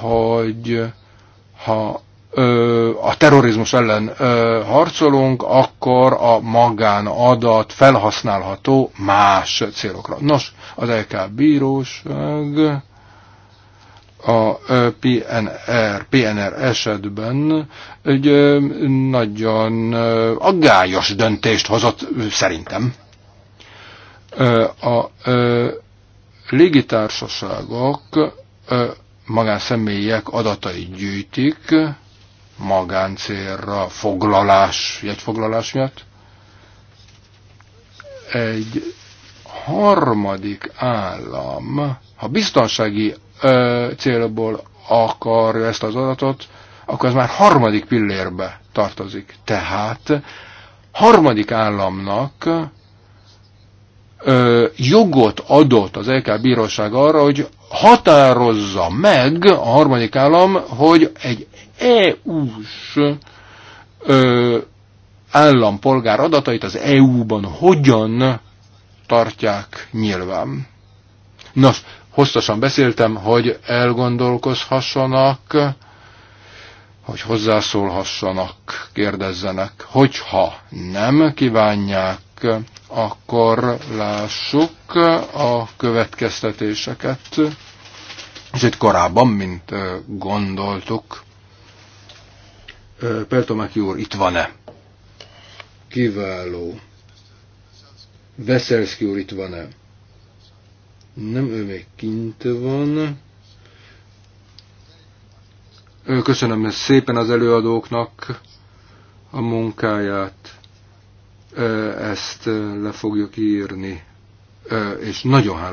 hogy ha a terrorizmus ellen harcolunk, akkor a magánadat felhasználható más célokra. Nos, az LK e bíróság a PNR, PNR esetben egy nagyon aggályos döntést hozott szerintem. A légitársaságok magánszemélyek adatait gyűjtik, magáncélra foglalás, jegyfoglalás miatt. Egy harmadik állam, ha biztonsági ö, célból akar ezt az adatot, akkor ez már harmadik pillérbe tartozik. Tehát harmadik államnak ö, jogot adott az LK bíróság arra, hogy határozza meg a harmadik állam, hogy egy EU-s állampolgár adatait az EU-ban hogyan tartják nyilván. Nos, hosszasan beszéltem, hogy elgondolkozhassanak, hogy hozzászólhassanak, kérdezzenek. Hogyha nem kívánják, akkor lássuk a következtetéseket. És itt korábban, mint gondoltuk, Peltomáki úr itt van-e? Kiváló. Veszelszki úr itt van-e? Nem, ő még kint van. Köszönöm szépen az előadóknak a munkáját. Ezt le fogjuk írni, és nagyon hálás.